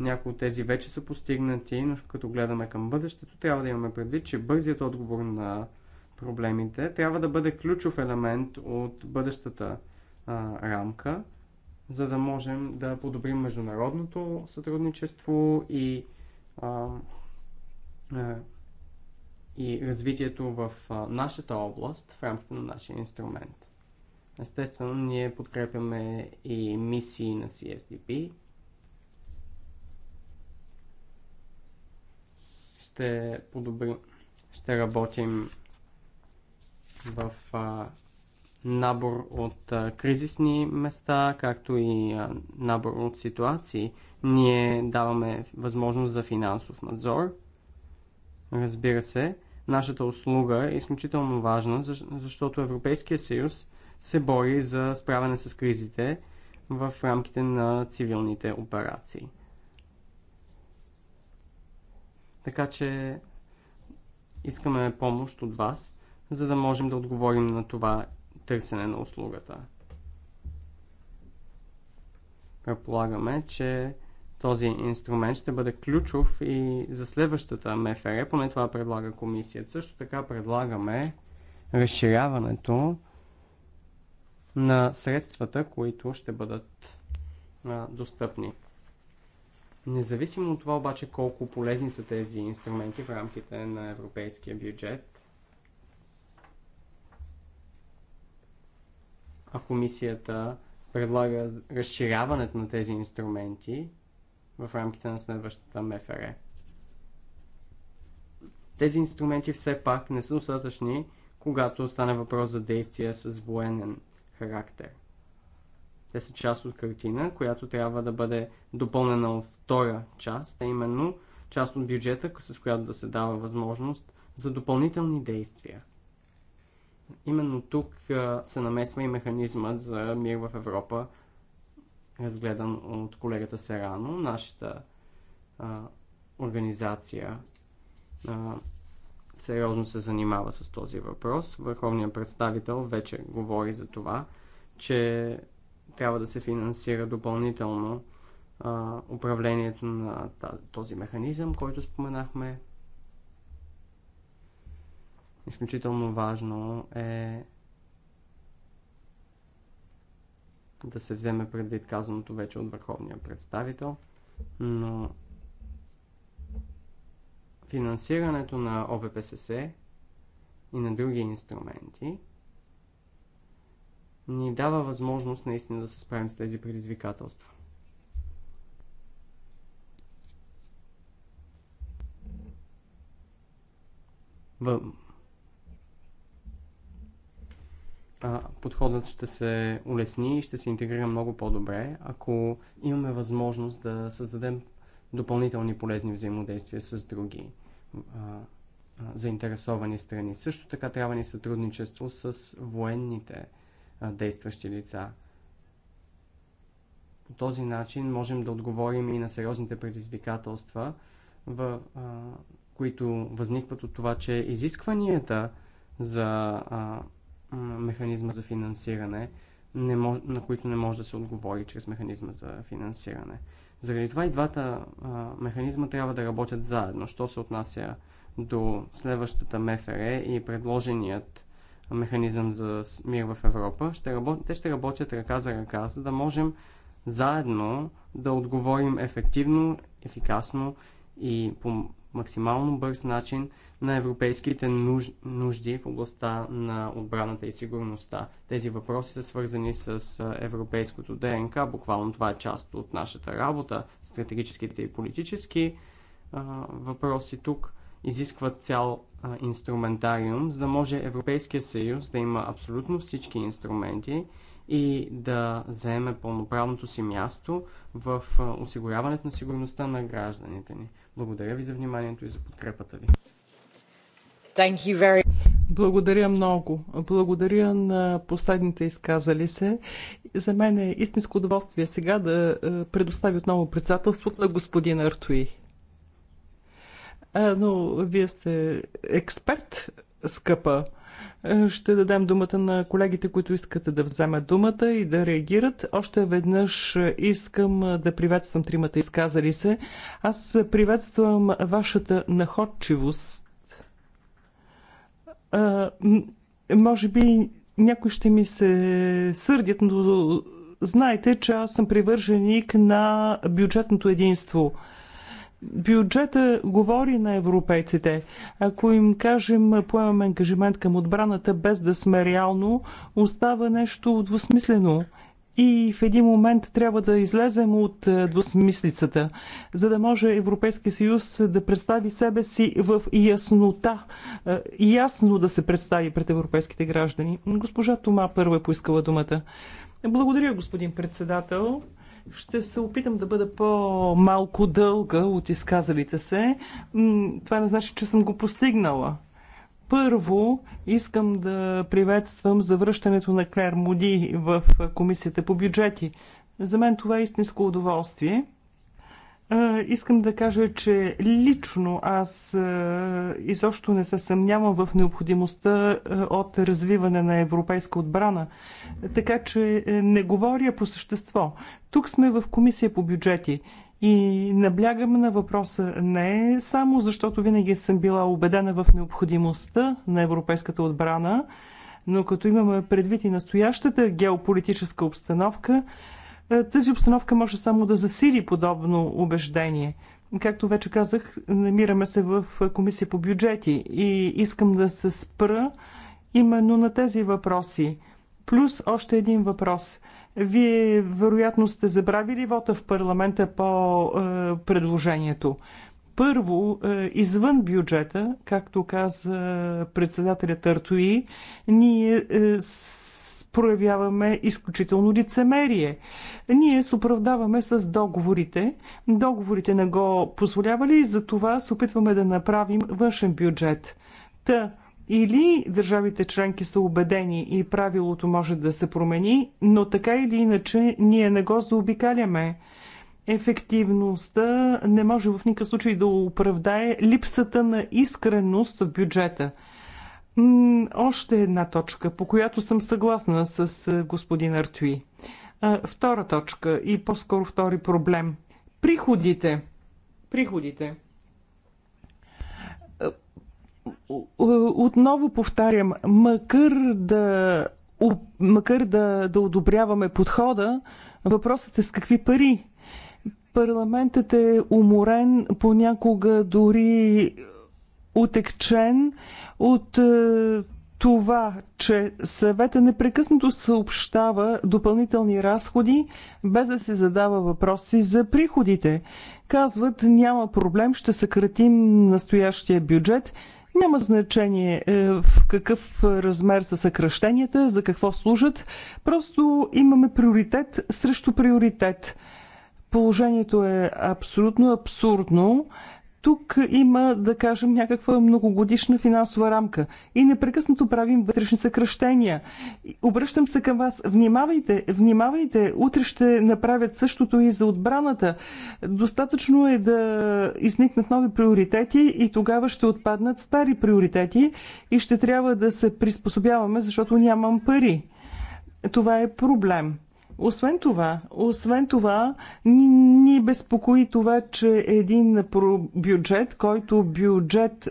Някои от тези вече са постигнати, но като гледаме към бъдещето, трябва да имаме предвид, че бързият отговор на проблемите трябва да бъде ключов елемент от бъдещата а, рамка, за да можем да подобрим международното сътрудничество и а, а и развитието в нашата област в рамките на нашия инструмент. Естествено, ние подкрепяме и мисии на CSDP. Ще подобрим, ще работим в набор от кризисни места, както и набор от ситуации. Ние даваме възможност за финансов надзор. Разбира се, Нашата услуга е изключително важна, защото Европейския съюз се бори за справяне с кризите в рамките на цивилните операции. Така че искаме помощ от вас, за да можем да отговорим на това търсене на услугата. Предполагаме, че този инструмент ще бъде ключов и за следващата МФР, поне това предлага комисията. Също така предлагаме разширяването на средствата, които ще бъдат а, достъпни. Независимо от това обаче колко полезни са тези инструменти в рамките на европейския бюджет, а комисията предлага разширяването на тези инструменти, в рамките на следващата МФР. Тези инструменти все пак не са достатъчни, когато стане въпрос за действия с военен характер. Те са част от картина, която трябва да бъде допълнена от втора част, а именно част от бюджета, с която да се дава възможност за допълнителни действия. Именно тук се намесва и механизмът за мир в Европа разгледан от колегата Серано. Нашата а, организация а, сериозно се занимава с този въпрос. Върховният представител вече говори за това, че трябва да се финансира допълнително а, управлението на този механизъм, който споменахме. Изключително важно е да се вземе предвид казаното вече от върховния представител, но финансирането на ОВПСС и на други инструменти ни дава възможност наистина да се справим с тези предизвикателства. В подходът ще се улесни и ще се интегрира много по-добре, ако имаме възможност да създадем допълнителни полезни взаимодействия с други а, заинтересовани страни. Също така трябва ни сътрудничество с военните а, действащи лица. По този начин можем да отговорим и на сериозните предизвикателства, в, а, които възникват от това, че изискванията за а, механизма за финансиране, не мож, на които не може да се отговори чрез механизма за финансиране. Заради това и двата а, механизма трябва да работят заедно. Що се отнася до следващата МФР и предложеният механизъм за мир в Европа, ще работ... те ще работят ръка за ръка, за да можем заедно да отговорим ефективно, ефикасно и по максимално бърз начин на европейските нужди в областта на отбраната и сигурността. Тези въпроси са свързани с европейското ДНК. Буквално това е част от нашата работа. Стратегическите и политически а, въпроси тук изискват цял а, инструментариум, за да може Европейския съюз да има абсолютно всички инструменти и да заеме пълноправното си място в осигуряването на сигурността на гражданите ни. Благодаря ви за вниманието и за подкрепата ви. Thank you very... Благодаря много. Благодаря на последните изказали се. За мен е истинско удоволствие сега да е, предостави отново председателството на господин Артуи. Е, но вие сте експерт, скъпа. Е, ще дадем думата на колегите, които искат да вземат думата и да реагират. Още веднъж искам е, да приветствам тримата изказали се. Аз приветствам вашата находчивост. А, е, може би някои ще ми се сърдят, но знаете, че аз съм привърженик на бюджетното единство – Бюджета говори на европейците. Ако им кажем, поемаме ангажимент към отбраната, без да сме реално, остава нещо двусмислено. И в един момент трябва да излезем от е, двусмислицата, за да може Европейския съюз да представи себе си в яснота, е, ясно да се представи пред европейските граждани. Госпожа Тома първа е поискала думата. Благодаря, господин председател. Ще се опитам да бъда по-малко дълга от изказалите се. Това не значи, че съм го постигнала. Първо, искам да приветствам завръщането на Клер Моди в Комисията по бюджети. За мен това е истинско удоволствие. Искам да кажа, че лично аз изобщо не се съмнявам в необходимостта от развиване на европейска отбрана, така че е, не говоря по същество. Тук сме в комисия по бюджети и наблягам на въпроса не само защото винаги съм била убедена в необходимостта на европейската отбрана, но като имаме предвид и настоящата геополитическа обстановка, е, тази обстановка може само да засили подобно убеждение. Както вече казах, намираме се в комисия по бюджети и искам да се спра именно на тези въпроси. Плюс още един въпрос. Вие вероятно сте забравили вота в парламента по е, предложението. Първо, е, извън бюджета, както каза председателят Артуи, ние е, проявяваме изключително лицемерие. Ние се оправдаваме с договорите. Договорите не го позволявали и за това се опитваме да направим външен бюджет. Та, или държавите членки са убедени и правилото може да се промени, но така или иначе ние не го заобикаляме. Ефективността не може в никакъв случай да оправдае липсата на искреност в бюджета – още една точка, по която съм съгласна с е, господин Артуи. Втора точка и по-скоро втори проблем. Приходите. Приходите. Е, отново повтарям, макар да, макар да, да одобряваме подхода, въпросът е с какви пари. Парламентът е уморен, понякога дори отекчен от е, това, че съвета непрекъснато съобщава допълнителни разходи, без да се задава въпроси за приходите. Казват, няма проблем, ще съкратим настоящия бюджет. Няма значение е, в какъв размер са съкръщенията, за какво служат. Просто имаме приоритет срещу приоритет. Положението е абсолютно абсурдно. Тук има, да кажем, някаква многогодишна финансова рамка и непрекъснато правим вътрешни съкръщения. Обръщам се към вас. Внимавайте, внимавайте. Утре ще направят същото и за отбраната. Достатъчно е да изникнат нови приоритети и тогава ще отпаднат стари приоритети и ще трябва да се приспособяваме, защото нямам пари. Това е проблем. Освен това, освен това, ни, ни безпокои това, че един бюджет, който бюджет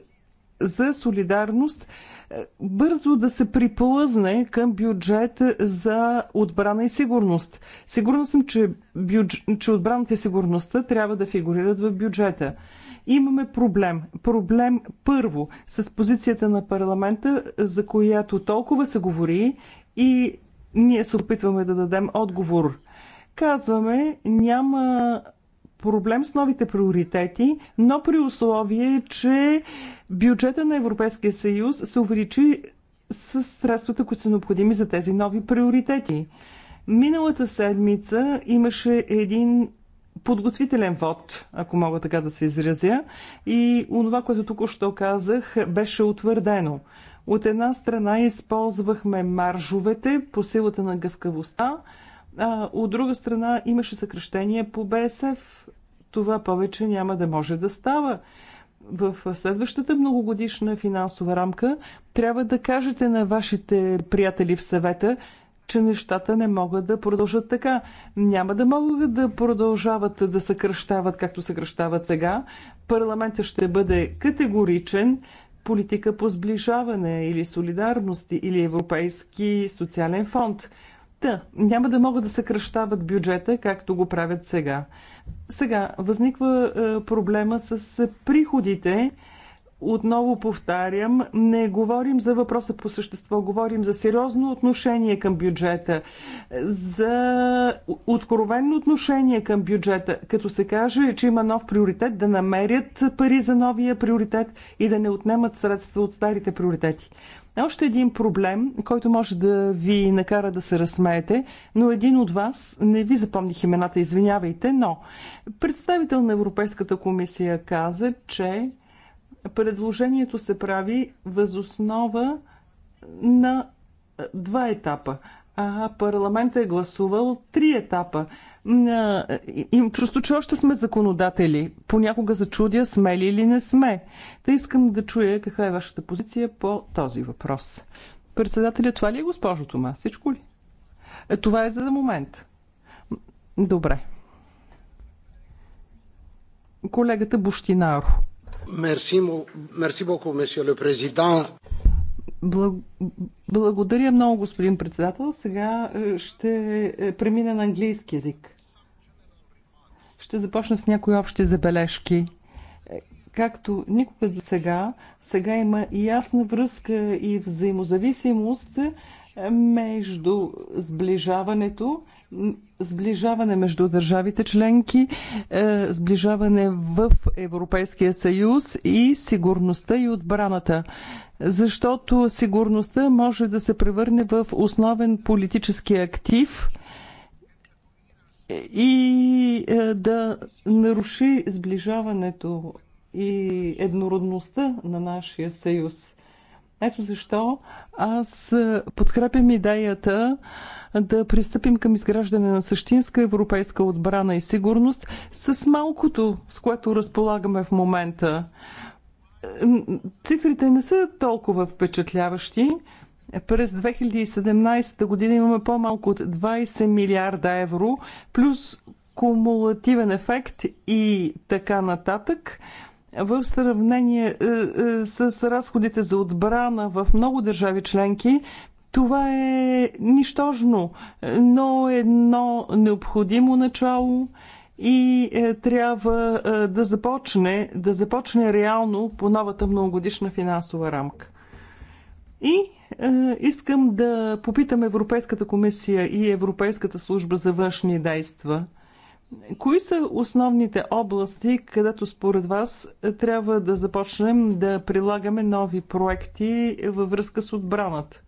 за солидарност, е, бързо да се приплъзне към бюджет за отбрана и сигурност. Сигурна съм, че, бюдж... че отбраната и сигурността трябва да фигурират в бюджета. Имаме проблем. Проблем първо с позицията на парламента, за която толкова се говори и ние се опитваме да дадем отговор. Казваме, няма проблем с новите приоритети, но при условие, че бюджета на Европейския съюз се увеличи с средствата, които са необходими за тези нови приоритети. Миналата седмица имаше един подготвителен вод, ако мога така да се изразя, и онова, което тук още казах, беше утвърдено. От една страна използвахме маржовете по силата на гъвкавостта, а от друга страна имаше съкръщение по БСФ. Това повече няма да може да става. В следващата многогодишна финансова рамка трябва да кажете на вашите приятели в съвета, че нещата не могат да продължат така. Няма да могат да продължават да съкръщават, както съкръщават сега. Парламентът ще бъде категоричен, политика по сближаване или солидарност или Европейски социален фонд. Та, няма да могат да съкръщават бюджета, както го правят сега. Сега възниква е, проблема с приходите отново повтарям, не говорим за въпроса по същество, говорим за сериозно отношение към бюджета, за откровенно отношение към бюджета, като се каже, че има нов приоритет, да намерят пари за новия приоритет и да не отнемат средства от старите приоритети. Още един проблем, който може да ви накара да се разсмеете, но един от вас, не ви запомних имената, извинявайте, но представител на Европейската комисия каза, че Предложението се прави възоснова на два етапа. А парламентът е гласувал три етапа. Им чувство, че още сме законодатели. Понякога зачудя, чудя, сме ли или не сме. Та искам да чуя каква е вашата позиция по този въпрос. Председателя, това ли е госпожо Тома? Всичко ли? Е, това е за момент. Добре. Колегата Буштинаро. Благодаря много, господин председател. Сега е, ще е, премина на английски язик. Ще започна с някои общи забележки е, както никога до сега, сега има ясна връзка и взаимозависимост между сближаването сближаване между държавите членки, е, сближаване в Европейския съюз и сигурността и отбраната. Защото сигурността може да се превърне в основен политически актив и е, да наруши сближаването и еднородността на нашия съюз. Ето защо аз подкрепям идеята да пристъпим към изграждане на същинска европейска отбрана и сигурност с малкото, с което разполагаме в момента. Цифрите не са толкова впечатляващи. През 2017 година имаме по-малко от 20 милиарда евро, плюс кумулативен ефект и така нататък в сравнение е, е, с разходите за отбрана в много държави членки, това е нищожно, но едно необходимо начало и е, трябва е, да започне, да започне реално по новата многогодишна финансова рамка. И е, искам да попитам Европейската комисия и Европейската служба за външни действа. Кои са основните области, където според вас е, трябва да започнем да прилагаме нови проекти във връзка с отбраната?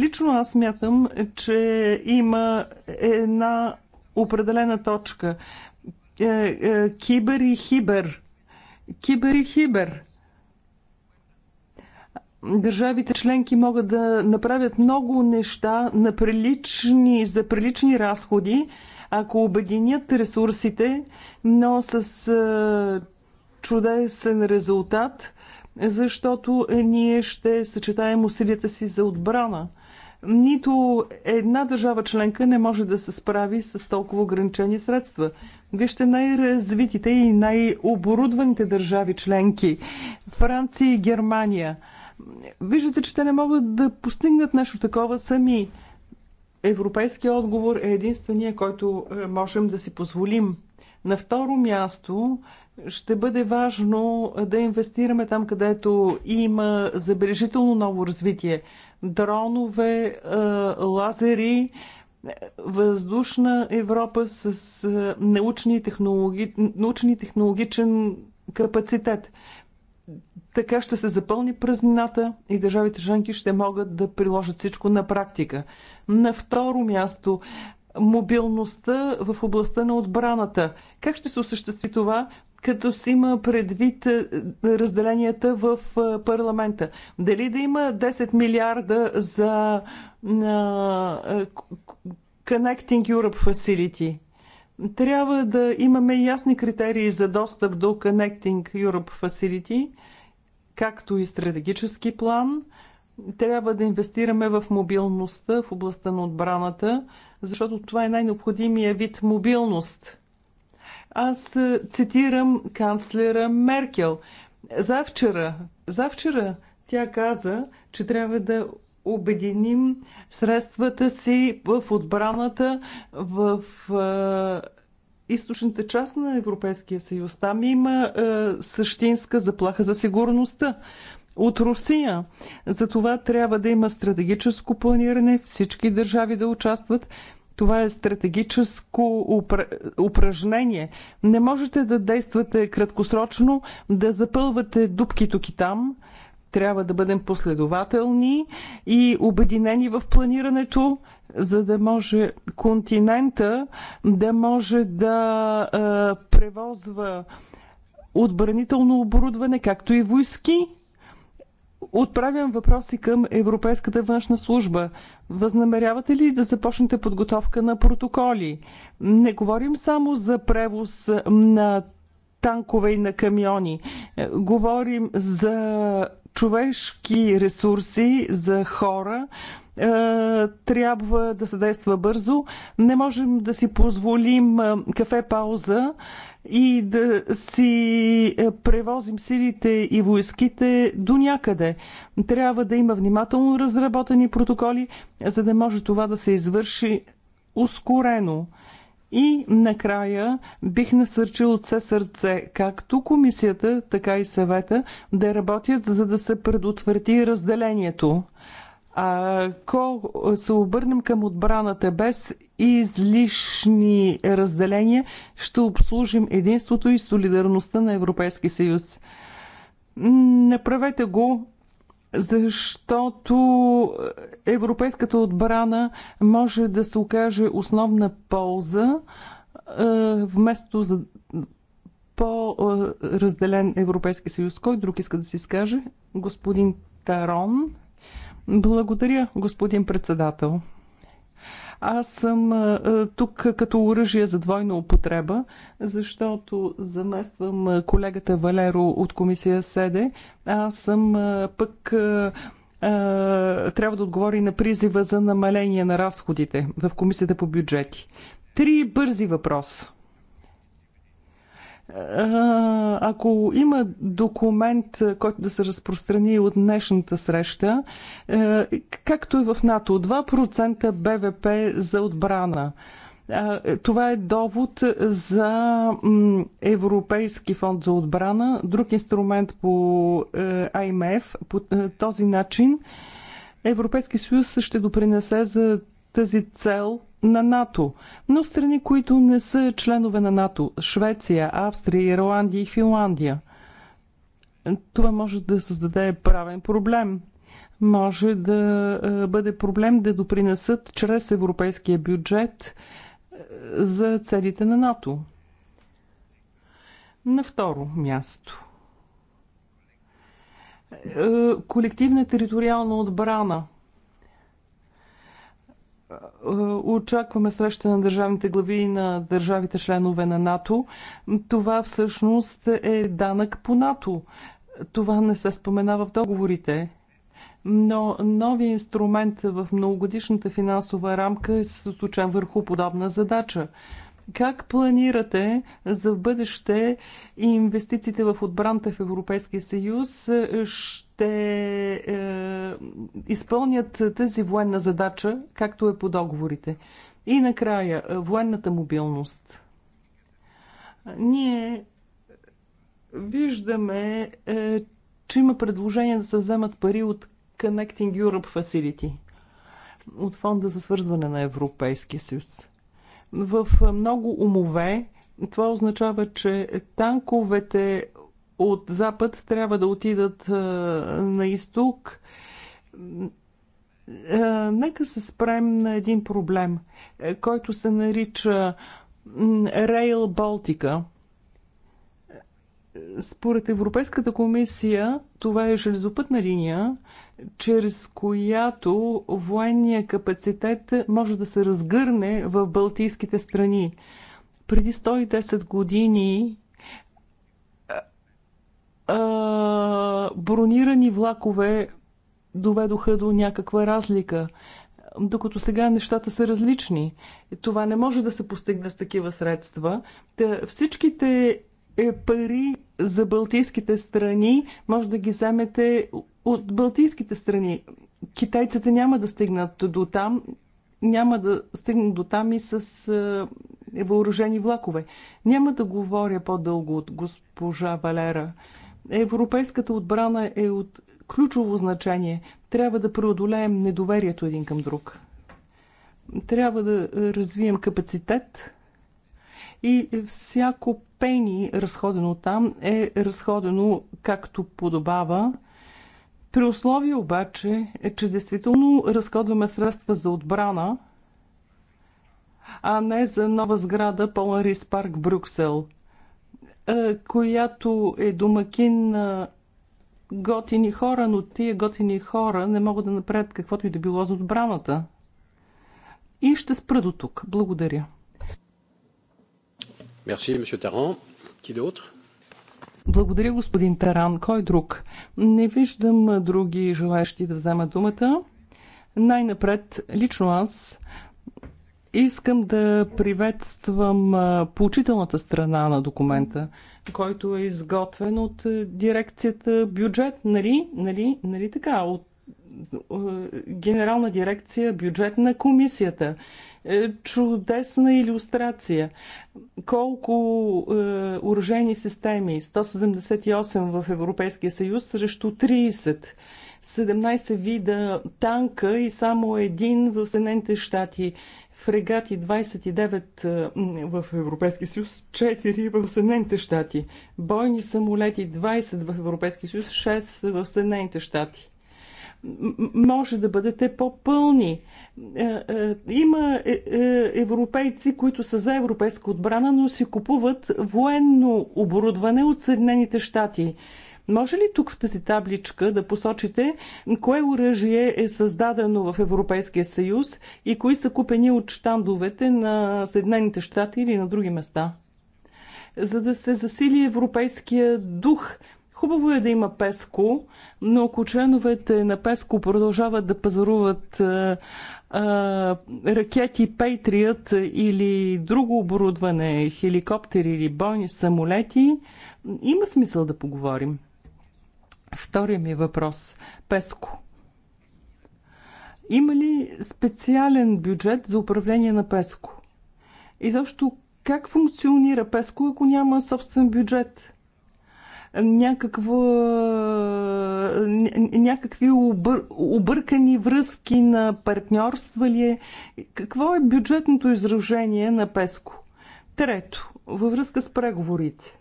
Лично аз мятам, че има една определена точка. Е, е, кибер и хибер. Кибер и хибер. Държавите членки могат да направят много неща на прилични, за прилични разходи, ако обединят ресурсите, но с е, чудесен резултат, защото ние ще съчетаем усилията си за отбрана. Нито една държава членка не може да се справи с толкова ограничени средства. Вижте най-развитите и най-оборудваните държави членки Франция и Германия. Виждате, че те не могат да постигнат нещо такова сами. Европейският отговор е единствения, който е, можем да си позволим. На второ място ще бъде важно е, да инвестираме там, където има забележително ново развитие дронове, е, лазери, въздушна Европа с е, научни, технологи... научни технологичен капацитет. Така ще се запълни празнината и държавите членки ще могат да приложат всичко на практика. На второ място, мобилността в областта на отбраната. Как ще се осъществи това? като си има предвид е, разделенията в е, парламента. Дали да има 10 милиарда за на е, Connecting Europe Facility? Трябва да имаме ясни критерии за достъп до Connecting Europe Facility, както и стратегически план. Трябва да инвестираме в мобилността в областта на отбраната, защото това е най-необходимия вид мобилност – аз е, цитирам канцлера Меркел. Завчера, завчера тя каза, че трябва да обединим средствата си в отбраната в е, източната част на Европейския съюз. Там има е, същинска заплаха за сигурността от Русия. Затова трябва да има стратегическо планиране, всички държави да участват. Това е стратегическо упр... упражнение. Не можете да действате краткосрочно, да запълвате дубки тук и там. Трябва да бъдем последователни и обединени в планирането, за да може континента да може да е, превозва отбранително оборудване, както и войски Отправям въпроси към Европейската външна служба. Възнамерявате ли да започнете подготовка на протоколи? Не говорим само за превоз на танкове и на камиони. Говорим за човешки ресурси, за хора. Е, трябва да се действа бързо. Не можем да си позволим е, кафе-пауза и да си е, превозим силите и войските до някъде. Трябва да има внимателно разработени протоколи, за да може това да се извърши ускорено. И накрая бих насърчил от все сърце както комисията, така и съвета да работят, за да се предотврати разделението. Ако се обърнем към отбраната без излишни разделения, ще обслужим единството и солидарността на Европейския съюз. Направете го защото европейската отбрана може да се окаже основна полза вместо за по-разделен Европейски съюз. Кой друг иска да се изкаже? Господин Тарон. Благодаря, господин председател. Аз съм тук като оръжие за двойна употреба, защото замествам колегата Валеро от комисия СЕДЕ. Аз съм пък трябва да отговори на призива за намаление на разходите в комисията по бюджети. Три бързи въпроса ако има документ, който да се разпространи от днешната среща, е, както и е в НАТО, 2% БВП за отбрана. Това е довод за Европейски фонд за отбрана, друг инструмент по е, АМФ. По този начин Европейски съюз ще допринесе за тази цел на НАТО, но страни, които не са членове на НАТО Швеция, Австрия, Ирландия и Финландия. Това може да създаде правен проблем. Може да е, бъде проблем да допринесат чрез европейския бюджет е, за целите на НАТО. На второ място. Е, колективна териториална отбрана – е, очакваме среща на държавните глави и на държавите членове на НАТО. Това всъщност е данък по НАТО. Това не се споменава в договорите. Но новият инструмент в многогодишната финансова рамка е съточен върху подобна задача. Как планирате за в бъдеще инвестициите в отбраната в Европейския съюз е, ще е, изпълнят тази военна задача, както е по договорите? И накрая, е, военната мобилност. Ние виждаме, е, че има предложение да се вземат пари от Connecting Europe Facility, от фонда за свързване на Европейския съюз в много умове. Това означава, че танковете от запад трябва да отидат на изток. Нека се спрем на един проблем, е, който се нарича Rail Балтика. Според Европейската комисия това е железопътна линия, чрез която военния капацитет може да се разгърне в Балтийските страни. Преди 110 години а, бронирани влакове доведоха до някаква разлика, докато сега нещата са различни. Това не може да се постигне с такива средства. Та, всичките е, пари за балтийските страни, може да ги вземете от балтийските страни. Китайците няма да стигнат до там, няма да стигнат до там и с е, въоръжени влакове. Няма да говоря по-дълго от госпожа Валера. Европейската отбрана е от ключово значение. Трябва да преодолеем недоверието един към друг. Трябва да е, развием капацитет и всяко пени, разходено там, е разходено както подобава. При условие обаче, е, че действително разходваме средства за отбрана, а не за нова сграда Поларис парк Брюксел, е, която е домакин на готини хора, но тия готини хора не могат да направят каквото и да било за отбраната. И ще спра до тук. Благодаря. Мерси, месье Таран. Ки d'autre? Благодаря, господин Таран. Кой друг? Не виждам други желаящи да вземат думата. Най-напред, лично аз искам да приветствам поучителната страна на документа, който е изготвен от дирекцията бюджет, нали? Нали, нали така? От Генерална дирекция бюджет на комисията. Е, чудесна иллюстрация. Колко е, уражени системи, 178 в Европейския съюз срещу 30. 17 вида танка и само един в Съединените щати. Фрегати 29 е, в Европейския съюз, 4 в Съединените щати. Бойни самолети 20 в Европейския съюз, 6 в Съединените щати може да бъдете по-пълни. Е, е, има е, европейци, които са за европейска отбрана, но си купуват военно оборудване от Съединените щати. Може ли тук в тази табличка да посочите кое оръжие е създадено в Европейския съюз и кои са купени от щандовете на Съединените щати или на други места? За да се засили европейския дух – Хубаво е да има Песко, но ако членовете на Песко продължават да пазаруват а, а, ракети Patriot или друго оборудване, хеликоптери или бойни самолети, има смисъл да поговорим. Втория ми въпрос. Песко. Има ли специален бюджет за управление на Песко? И защо как функционира Песко, ако няма собствен бюджет? някаква, някакви обър, объркани връзки на партньорства ли е? Какво е бюджетното изражение на ПЕСКО? Трето, във връзка с преговорите.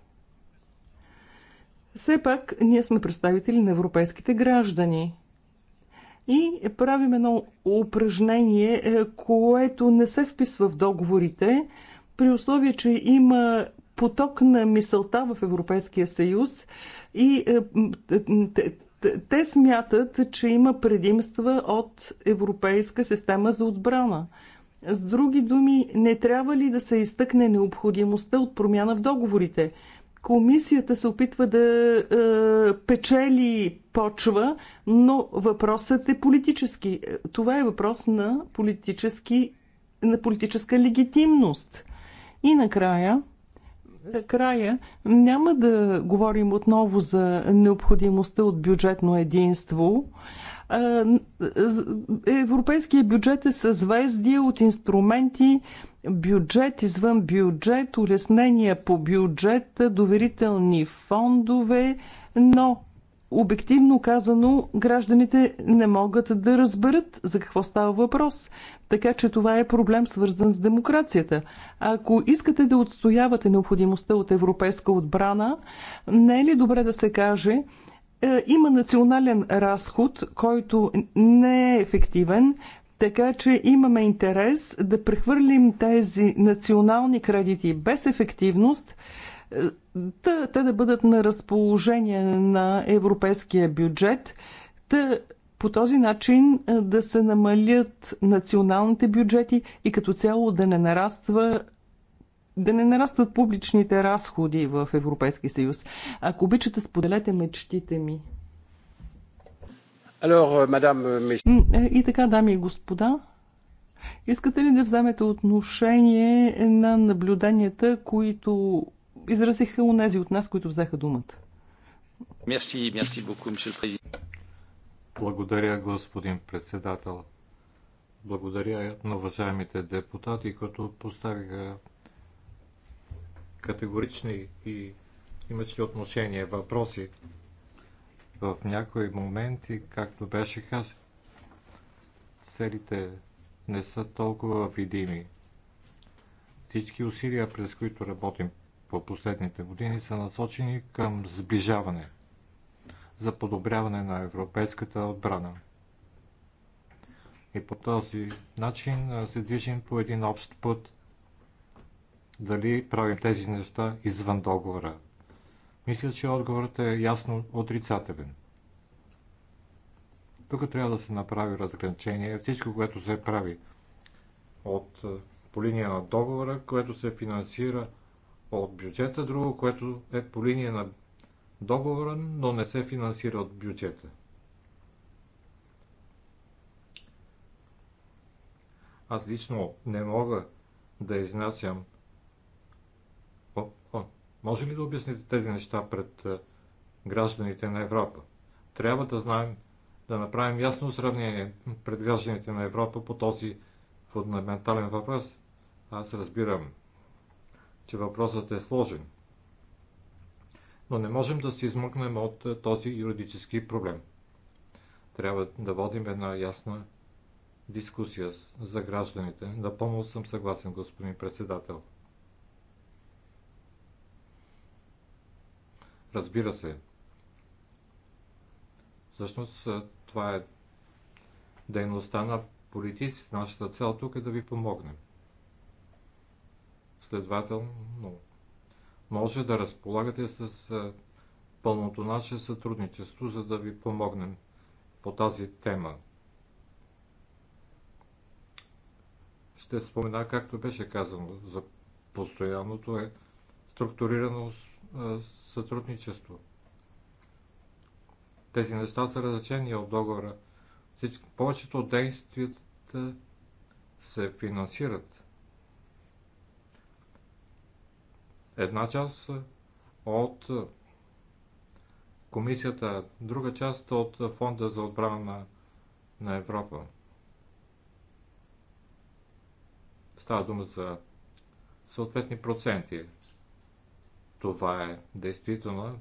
Все пак, ние сме представители на европейските граждани. И правим едно упражнение, е, което не се вписва в договорите, при условие, че има поток на мисълта в Европейския съюз и е, те смятат, че има предимства от европейска система за отбрана. С други думи, не трябва ли да се изтъкне необходимостта от промяна в договорите? Комисията се опитва да е, печели почва, но въпросът е политически. Е, това е въпрос на, политически, на политическа легитимност. И накрая, Накрая няма да говорим отново за необходимостта от бюджетно единство. Европейския бюджет е съзвездие от инструменти, бюджет, извън бюджет, улеснения по бюджет, доверителни фондове, но обективно казано, гражданите не могат да разберат за какво става въпрос. Така че това е проблем свързан с демокрацията. Ако искате да отстоявате необходимостта от европейска отбрана, не е ли добре да се каже, е, има национален разход, който не е ефективен, така че имаме интерес да прехвърлим тези национални кредити без ефективност е, да, те да бъдат на разположение на европейския бюджет, да по този начин да се намалят националните бюджети и като цяло да не нараства да не нарастват публичните разходи в Европейския съюз. Ако обичате, споделете мечтите ми. Alors, euh, madame... Euh, е, и така, дами и господа, искате ли да вземете отношение на наблюденията, които изразиха у нези от нас, които взеха думата. Мерси, мерси beaucoup, Благодаря, господин председател. Благодаря на уважаемите депутати, които поставиха категорични и имащи отношение въпроси в някои моменти, както беше казано, целите не са толкова видими. Всички усилия, през които работим по последните години са насочени към сближаване за подобряване на европейската отбрана. И по този начин се движим по един общ път. Дали правим тези неща извън договора? Мисля, че отговорът е ясно отрицателен. Тук трябва да се направи разграничение. Всичко, което се прави от по линия на договора, което се финансира от бюджета, друго, което е по линия на договора, но не се финансира от бюджета. Аз лично не мога да изнасям. О, о, може ли да обясните тези неща пред гражданите на Европа? Трябва да знаем, да направим ясно сравнение пред гражданите на Европа по този фундаментален въпрос. Аз разбирам че въпросът е сложен. Но не можем да се измъкнем от е, този юридически проблем. Трябва да водим една ясна дискусия за гражданите. Напълно съм съгласен, господин председател. Разбира се. Всъщност е, това е дейността на политиците. Нашата цел тук е да ви помогнем. Следователно, може да разполагате с пълното наше сътрудничество, за да ви помогнем по тази тема. Ще спомена, както беше казано, за постоянното е структурирано сътрудничество. Тези неща са различени от договора. Всички, повечето от действията се финансират една част от комисията, друга част от фонда за отбрана на, на Европа. Става дума за съответни проценти. Това е действително.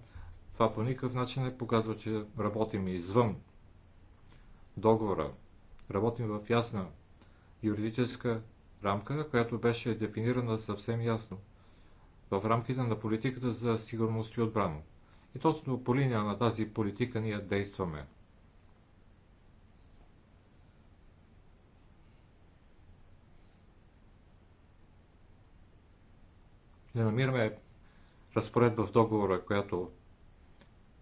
Това по никакъв начин не показва, че работим извън договора. Работим в ясна юридическа рамка, която беше дефинирана съвсем ясно в рамките на политиката за сигурност и отбрана. И точно по линия на тази политика ние действаме. Не намираме разпоредба в договора, която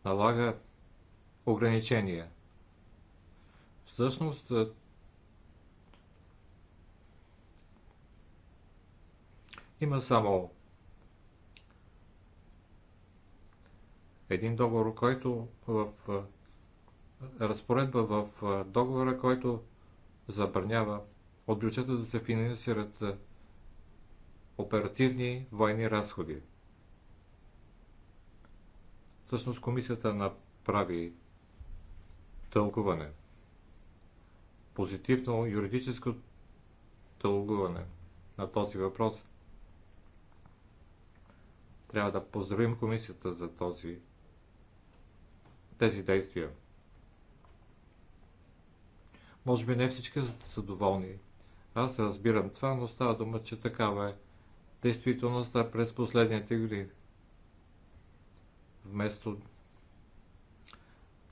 налага ограничения. Всъщност, е, има само един договор, който в разпоредба в договора, който забранява от бюджета да се финансират е, оперативни военни разходи. Всъщност комисията направи тълкуване. Позитивно юридическо тълкуване на този въпрос. Трябва да поздравим комисията за този тези действия. Може би не всички са доволни. Аз разбирам това, но става дума, че такава е действителността през последните години. Вместо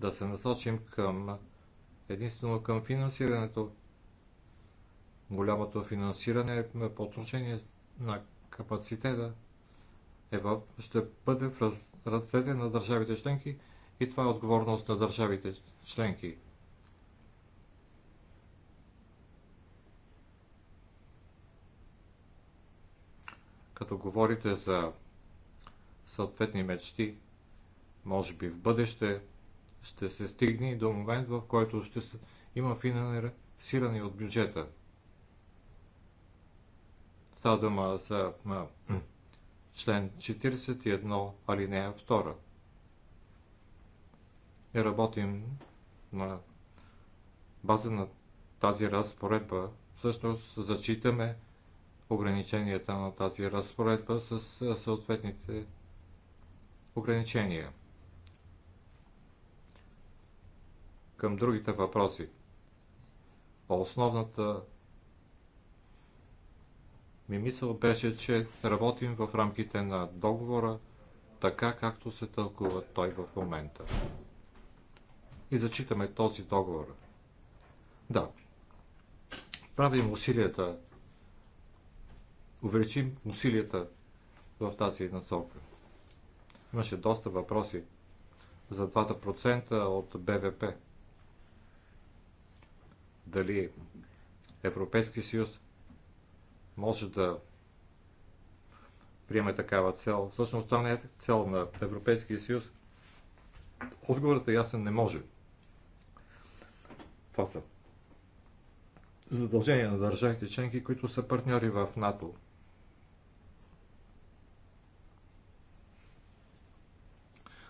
да се насочим към единствено към финансирането, голямото финансиране е по отношение на капацитета е в, ще бъде в раз, ръцете на държавите членки и това е отговорност на държавите членки. Като говорите за съответни мечти, може би в бъдеще ще се стигне до момент, в който ще има финансиране от бюджета. Става дума за член 41, алинея 2 и работим на база на тази разпоредба. Всъщност зачитаме ограниченията на тази разпоредба с съответните ограничения. Към другите въпроси. Основната ми мисъл беше, че работим в рамките на договора, така както се тълкува той в момента и зачитаме този договор. Да, правим усилията, увеличим усилията в тази насока. Имаше доста въпроси за 2% от БВП. Дали Европейски съюз може да приеме такава цел. Всъщност това не е цел на Европейския съюз. Отговорът е ясен, не може. Това са задължения на държавите членки, които са партньори в НАТО.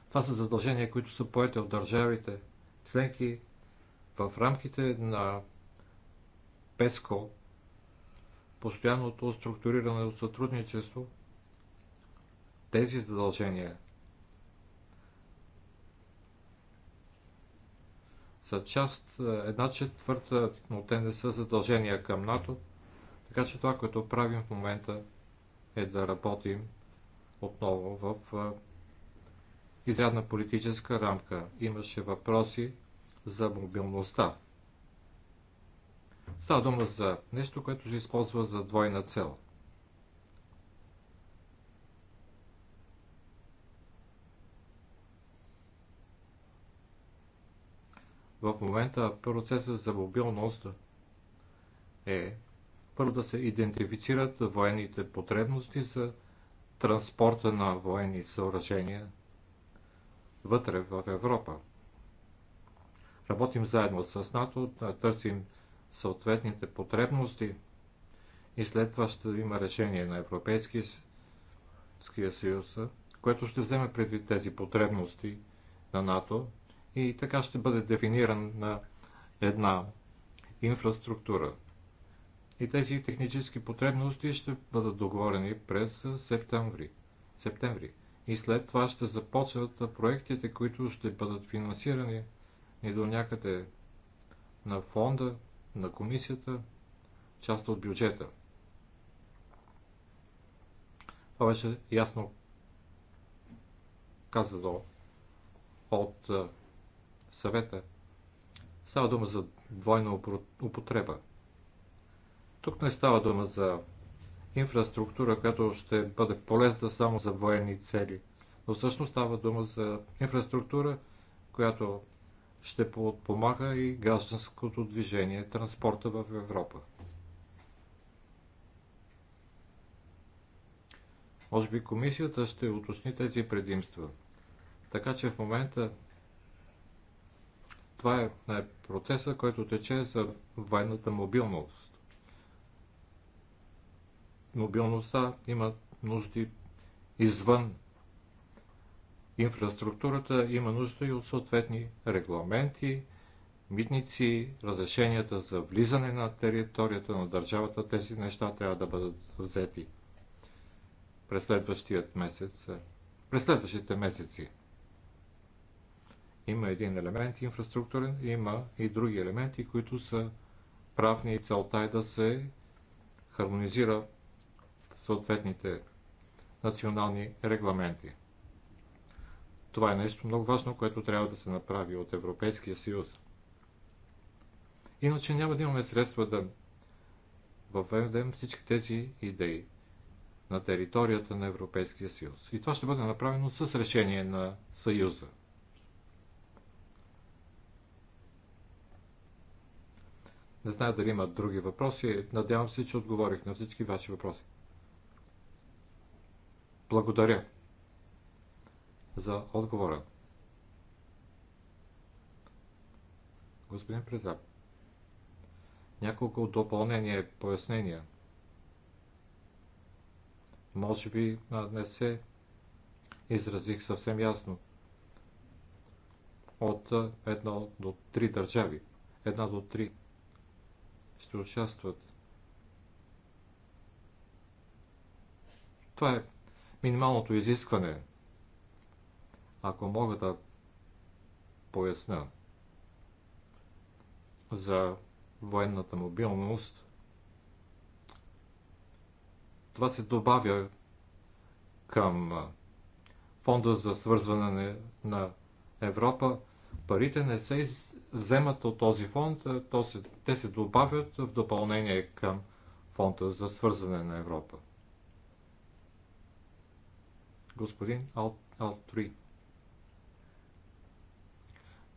Това са задължения, които са поети от държавите членки в рамките на ПЕСКО, постоянното структуриране от сътрудничество. Тези задължения са част, е, една четвърта, но те не са задължения към НАТО. Така че това, което правим в момента е да работим отново в е, изрядна политическа рамка. Имаше въпроси за мобилността. Става дума за нещо, което се използва за двойна цел. В момента процесът за мобилност е първо да се идентифицират военните потребности за транспорта на военни съоръжения вътре в Европа. Работим заедно с НАТО, да търсим съответните потребности и след това ще има решение на Европейския съюз, което ще вземе предвид тези потребности на НАТО и така ще бъде дефиниран на една инфраструктура. И тези технически потребности ще бъдат договорени през септември. септември. И след това ще започнат проектите, които ще бъдат финансирани и до някъде на фонда, на комисията, част от бюджета. Това беше ясно казано от съвета. Става дума за двойна употреба. Тук не става дума за инфраструктура, която ще бъде полезна само за военни цели, но всъщност става дума за инфраструктура, която ще подпомага и гражданското движение, транспорта в Европа. Може би комисията ще уточни тези предимства. Така че в момента това е, е процеса, който тече за военната мобилност. Мобилността има нужди извън инфраструктурата, има нужда и от съответни регламенти, митници, разрешенията за влизане на територията на държавата. Тези неща трябва да бъдат взети през следващият месец, през следващите месеци. Има един елемент инфраструктурен, има и други елементи, които са правни и целта е да се хармонизира съответните национални регламенти. Това е нещо много важно, което трябва да се направи от Европейския съюз. Иначе няма да имаме средства да въведем всички тези идеи на територията на Европейския съюз. И това ще бъде направено с решение на Съюза. Не знае дали има други въпроси. Надявам се, че отговорих на всички ваши въпроси. Благодаря за отговора. Господин Презап, няколко допълнения и пояснения. Може би не се изразих съвсем ясно. От едно до три държави. Една до три ще участват. Това е минималното изискване. Ако мога да поясна за военната мобилност, това се добавя към фонда за свързване на Европа. Парите не се вземат от този фонд, то се, те се добавят в допълнение към фонда за свързане на Европа. Господин Алтри.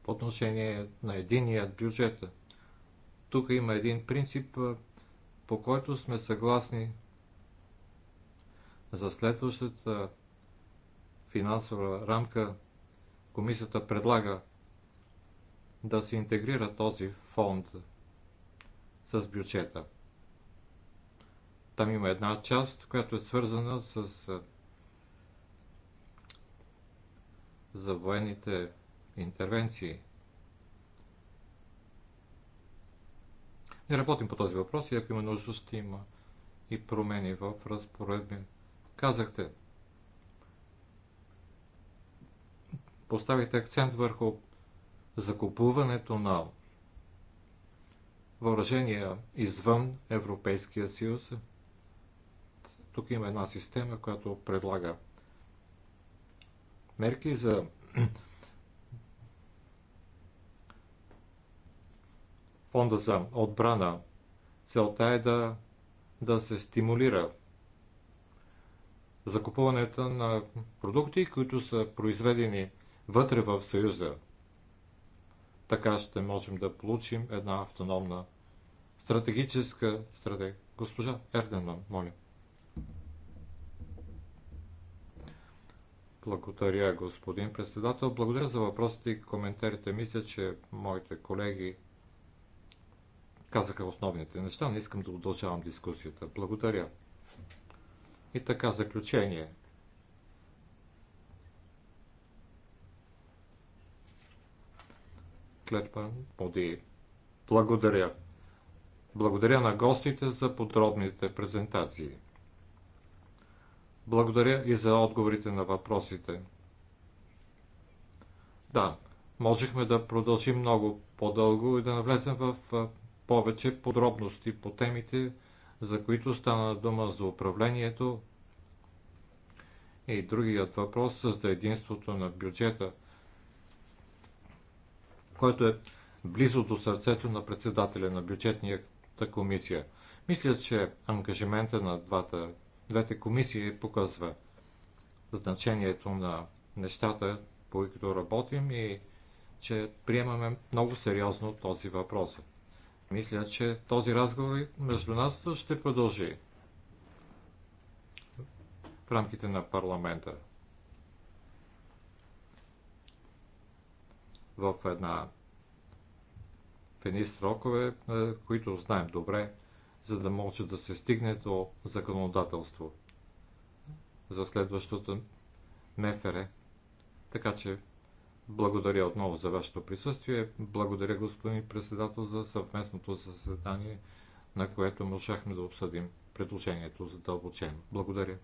По отношение на единият бюджет, тук има един принцип, по който сме съгласни за следващата финансова рамка. Комисията предлага да се интегрира този фонд с бюджета. Там има една част, която е свързана с за военните интервенции. Не работим по този въпрос и ако има нужда, ще има и промени в разпоредби. Казахте, поставите акцент върху закупуването на въоръжения извън Европейския съюз. Тук има една система, която предлага мерки за фонда за отбрана. Целта е да, да се стимулира закупуването на продукти, които са произведени вътре в Съюза – така ще можем да получим една автономна стратегическа стратегия. Госпожа Ерденман, моля. Благодаря, господин председател. Благодаря за въпросите и коментарите. Мисля, че моите колеги казаха основните неща. Не искам да удължавам дискусията. Благодаря. И така, заключение. клетва Моди. Благодаря. Благодаря на гостите за подробните презентации. Благодаря и за отговорите на въпросите. Да, можехме да продължим много по-дълго и да навлезем в повече подробности по темите, за които стана дума за управлението и другият въпрос за единството на бюджета – който е близо до сърцето на председателя на бюджетната комисия. Мисля, че ангажимента на двата, двете комисии показва значението на нещата, по които работим и че приемаме много сериозно този въпрос. Мисля, че този разговор между нас ще продължи в рамките на парламента. в една в едни срокове, е, които знаем добре, за да може да се стигне до законодателство за следващото МФР. Така че благодаря отново за вашето присъствие. Благодаря, господин председател, за съвместното заседание, на което можахме да обсъдим предложението за дълбочено. Благодаря.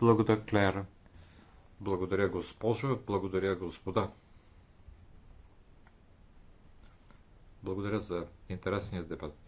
Благодаря, Клера. Благодаря, госпожо. Благодаря, господа. Благодаря за интересния дебат.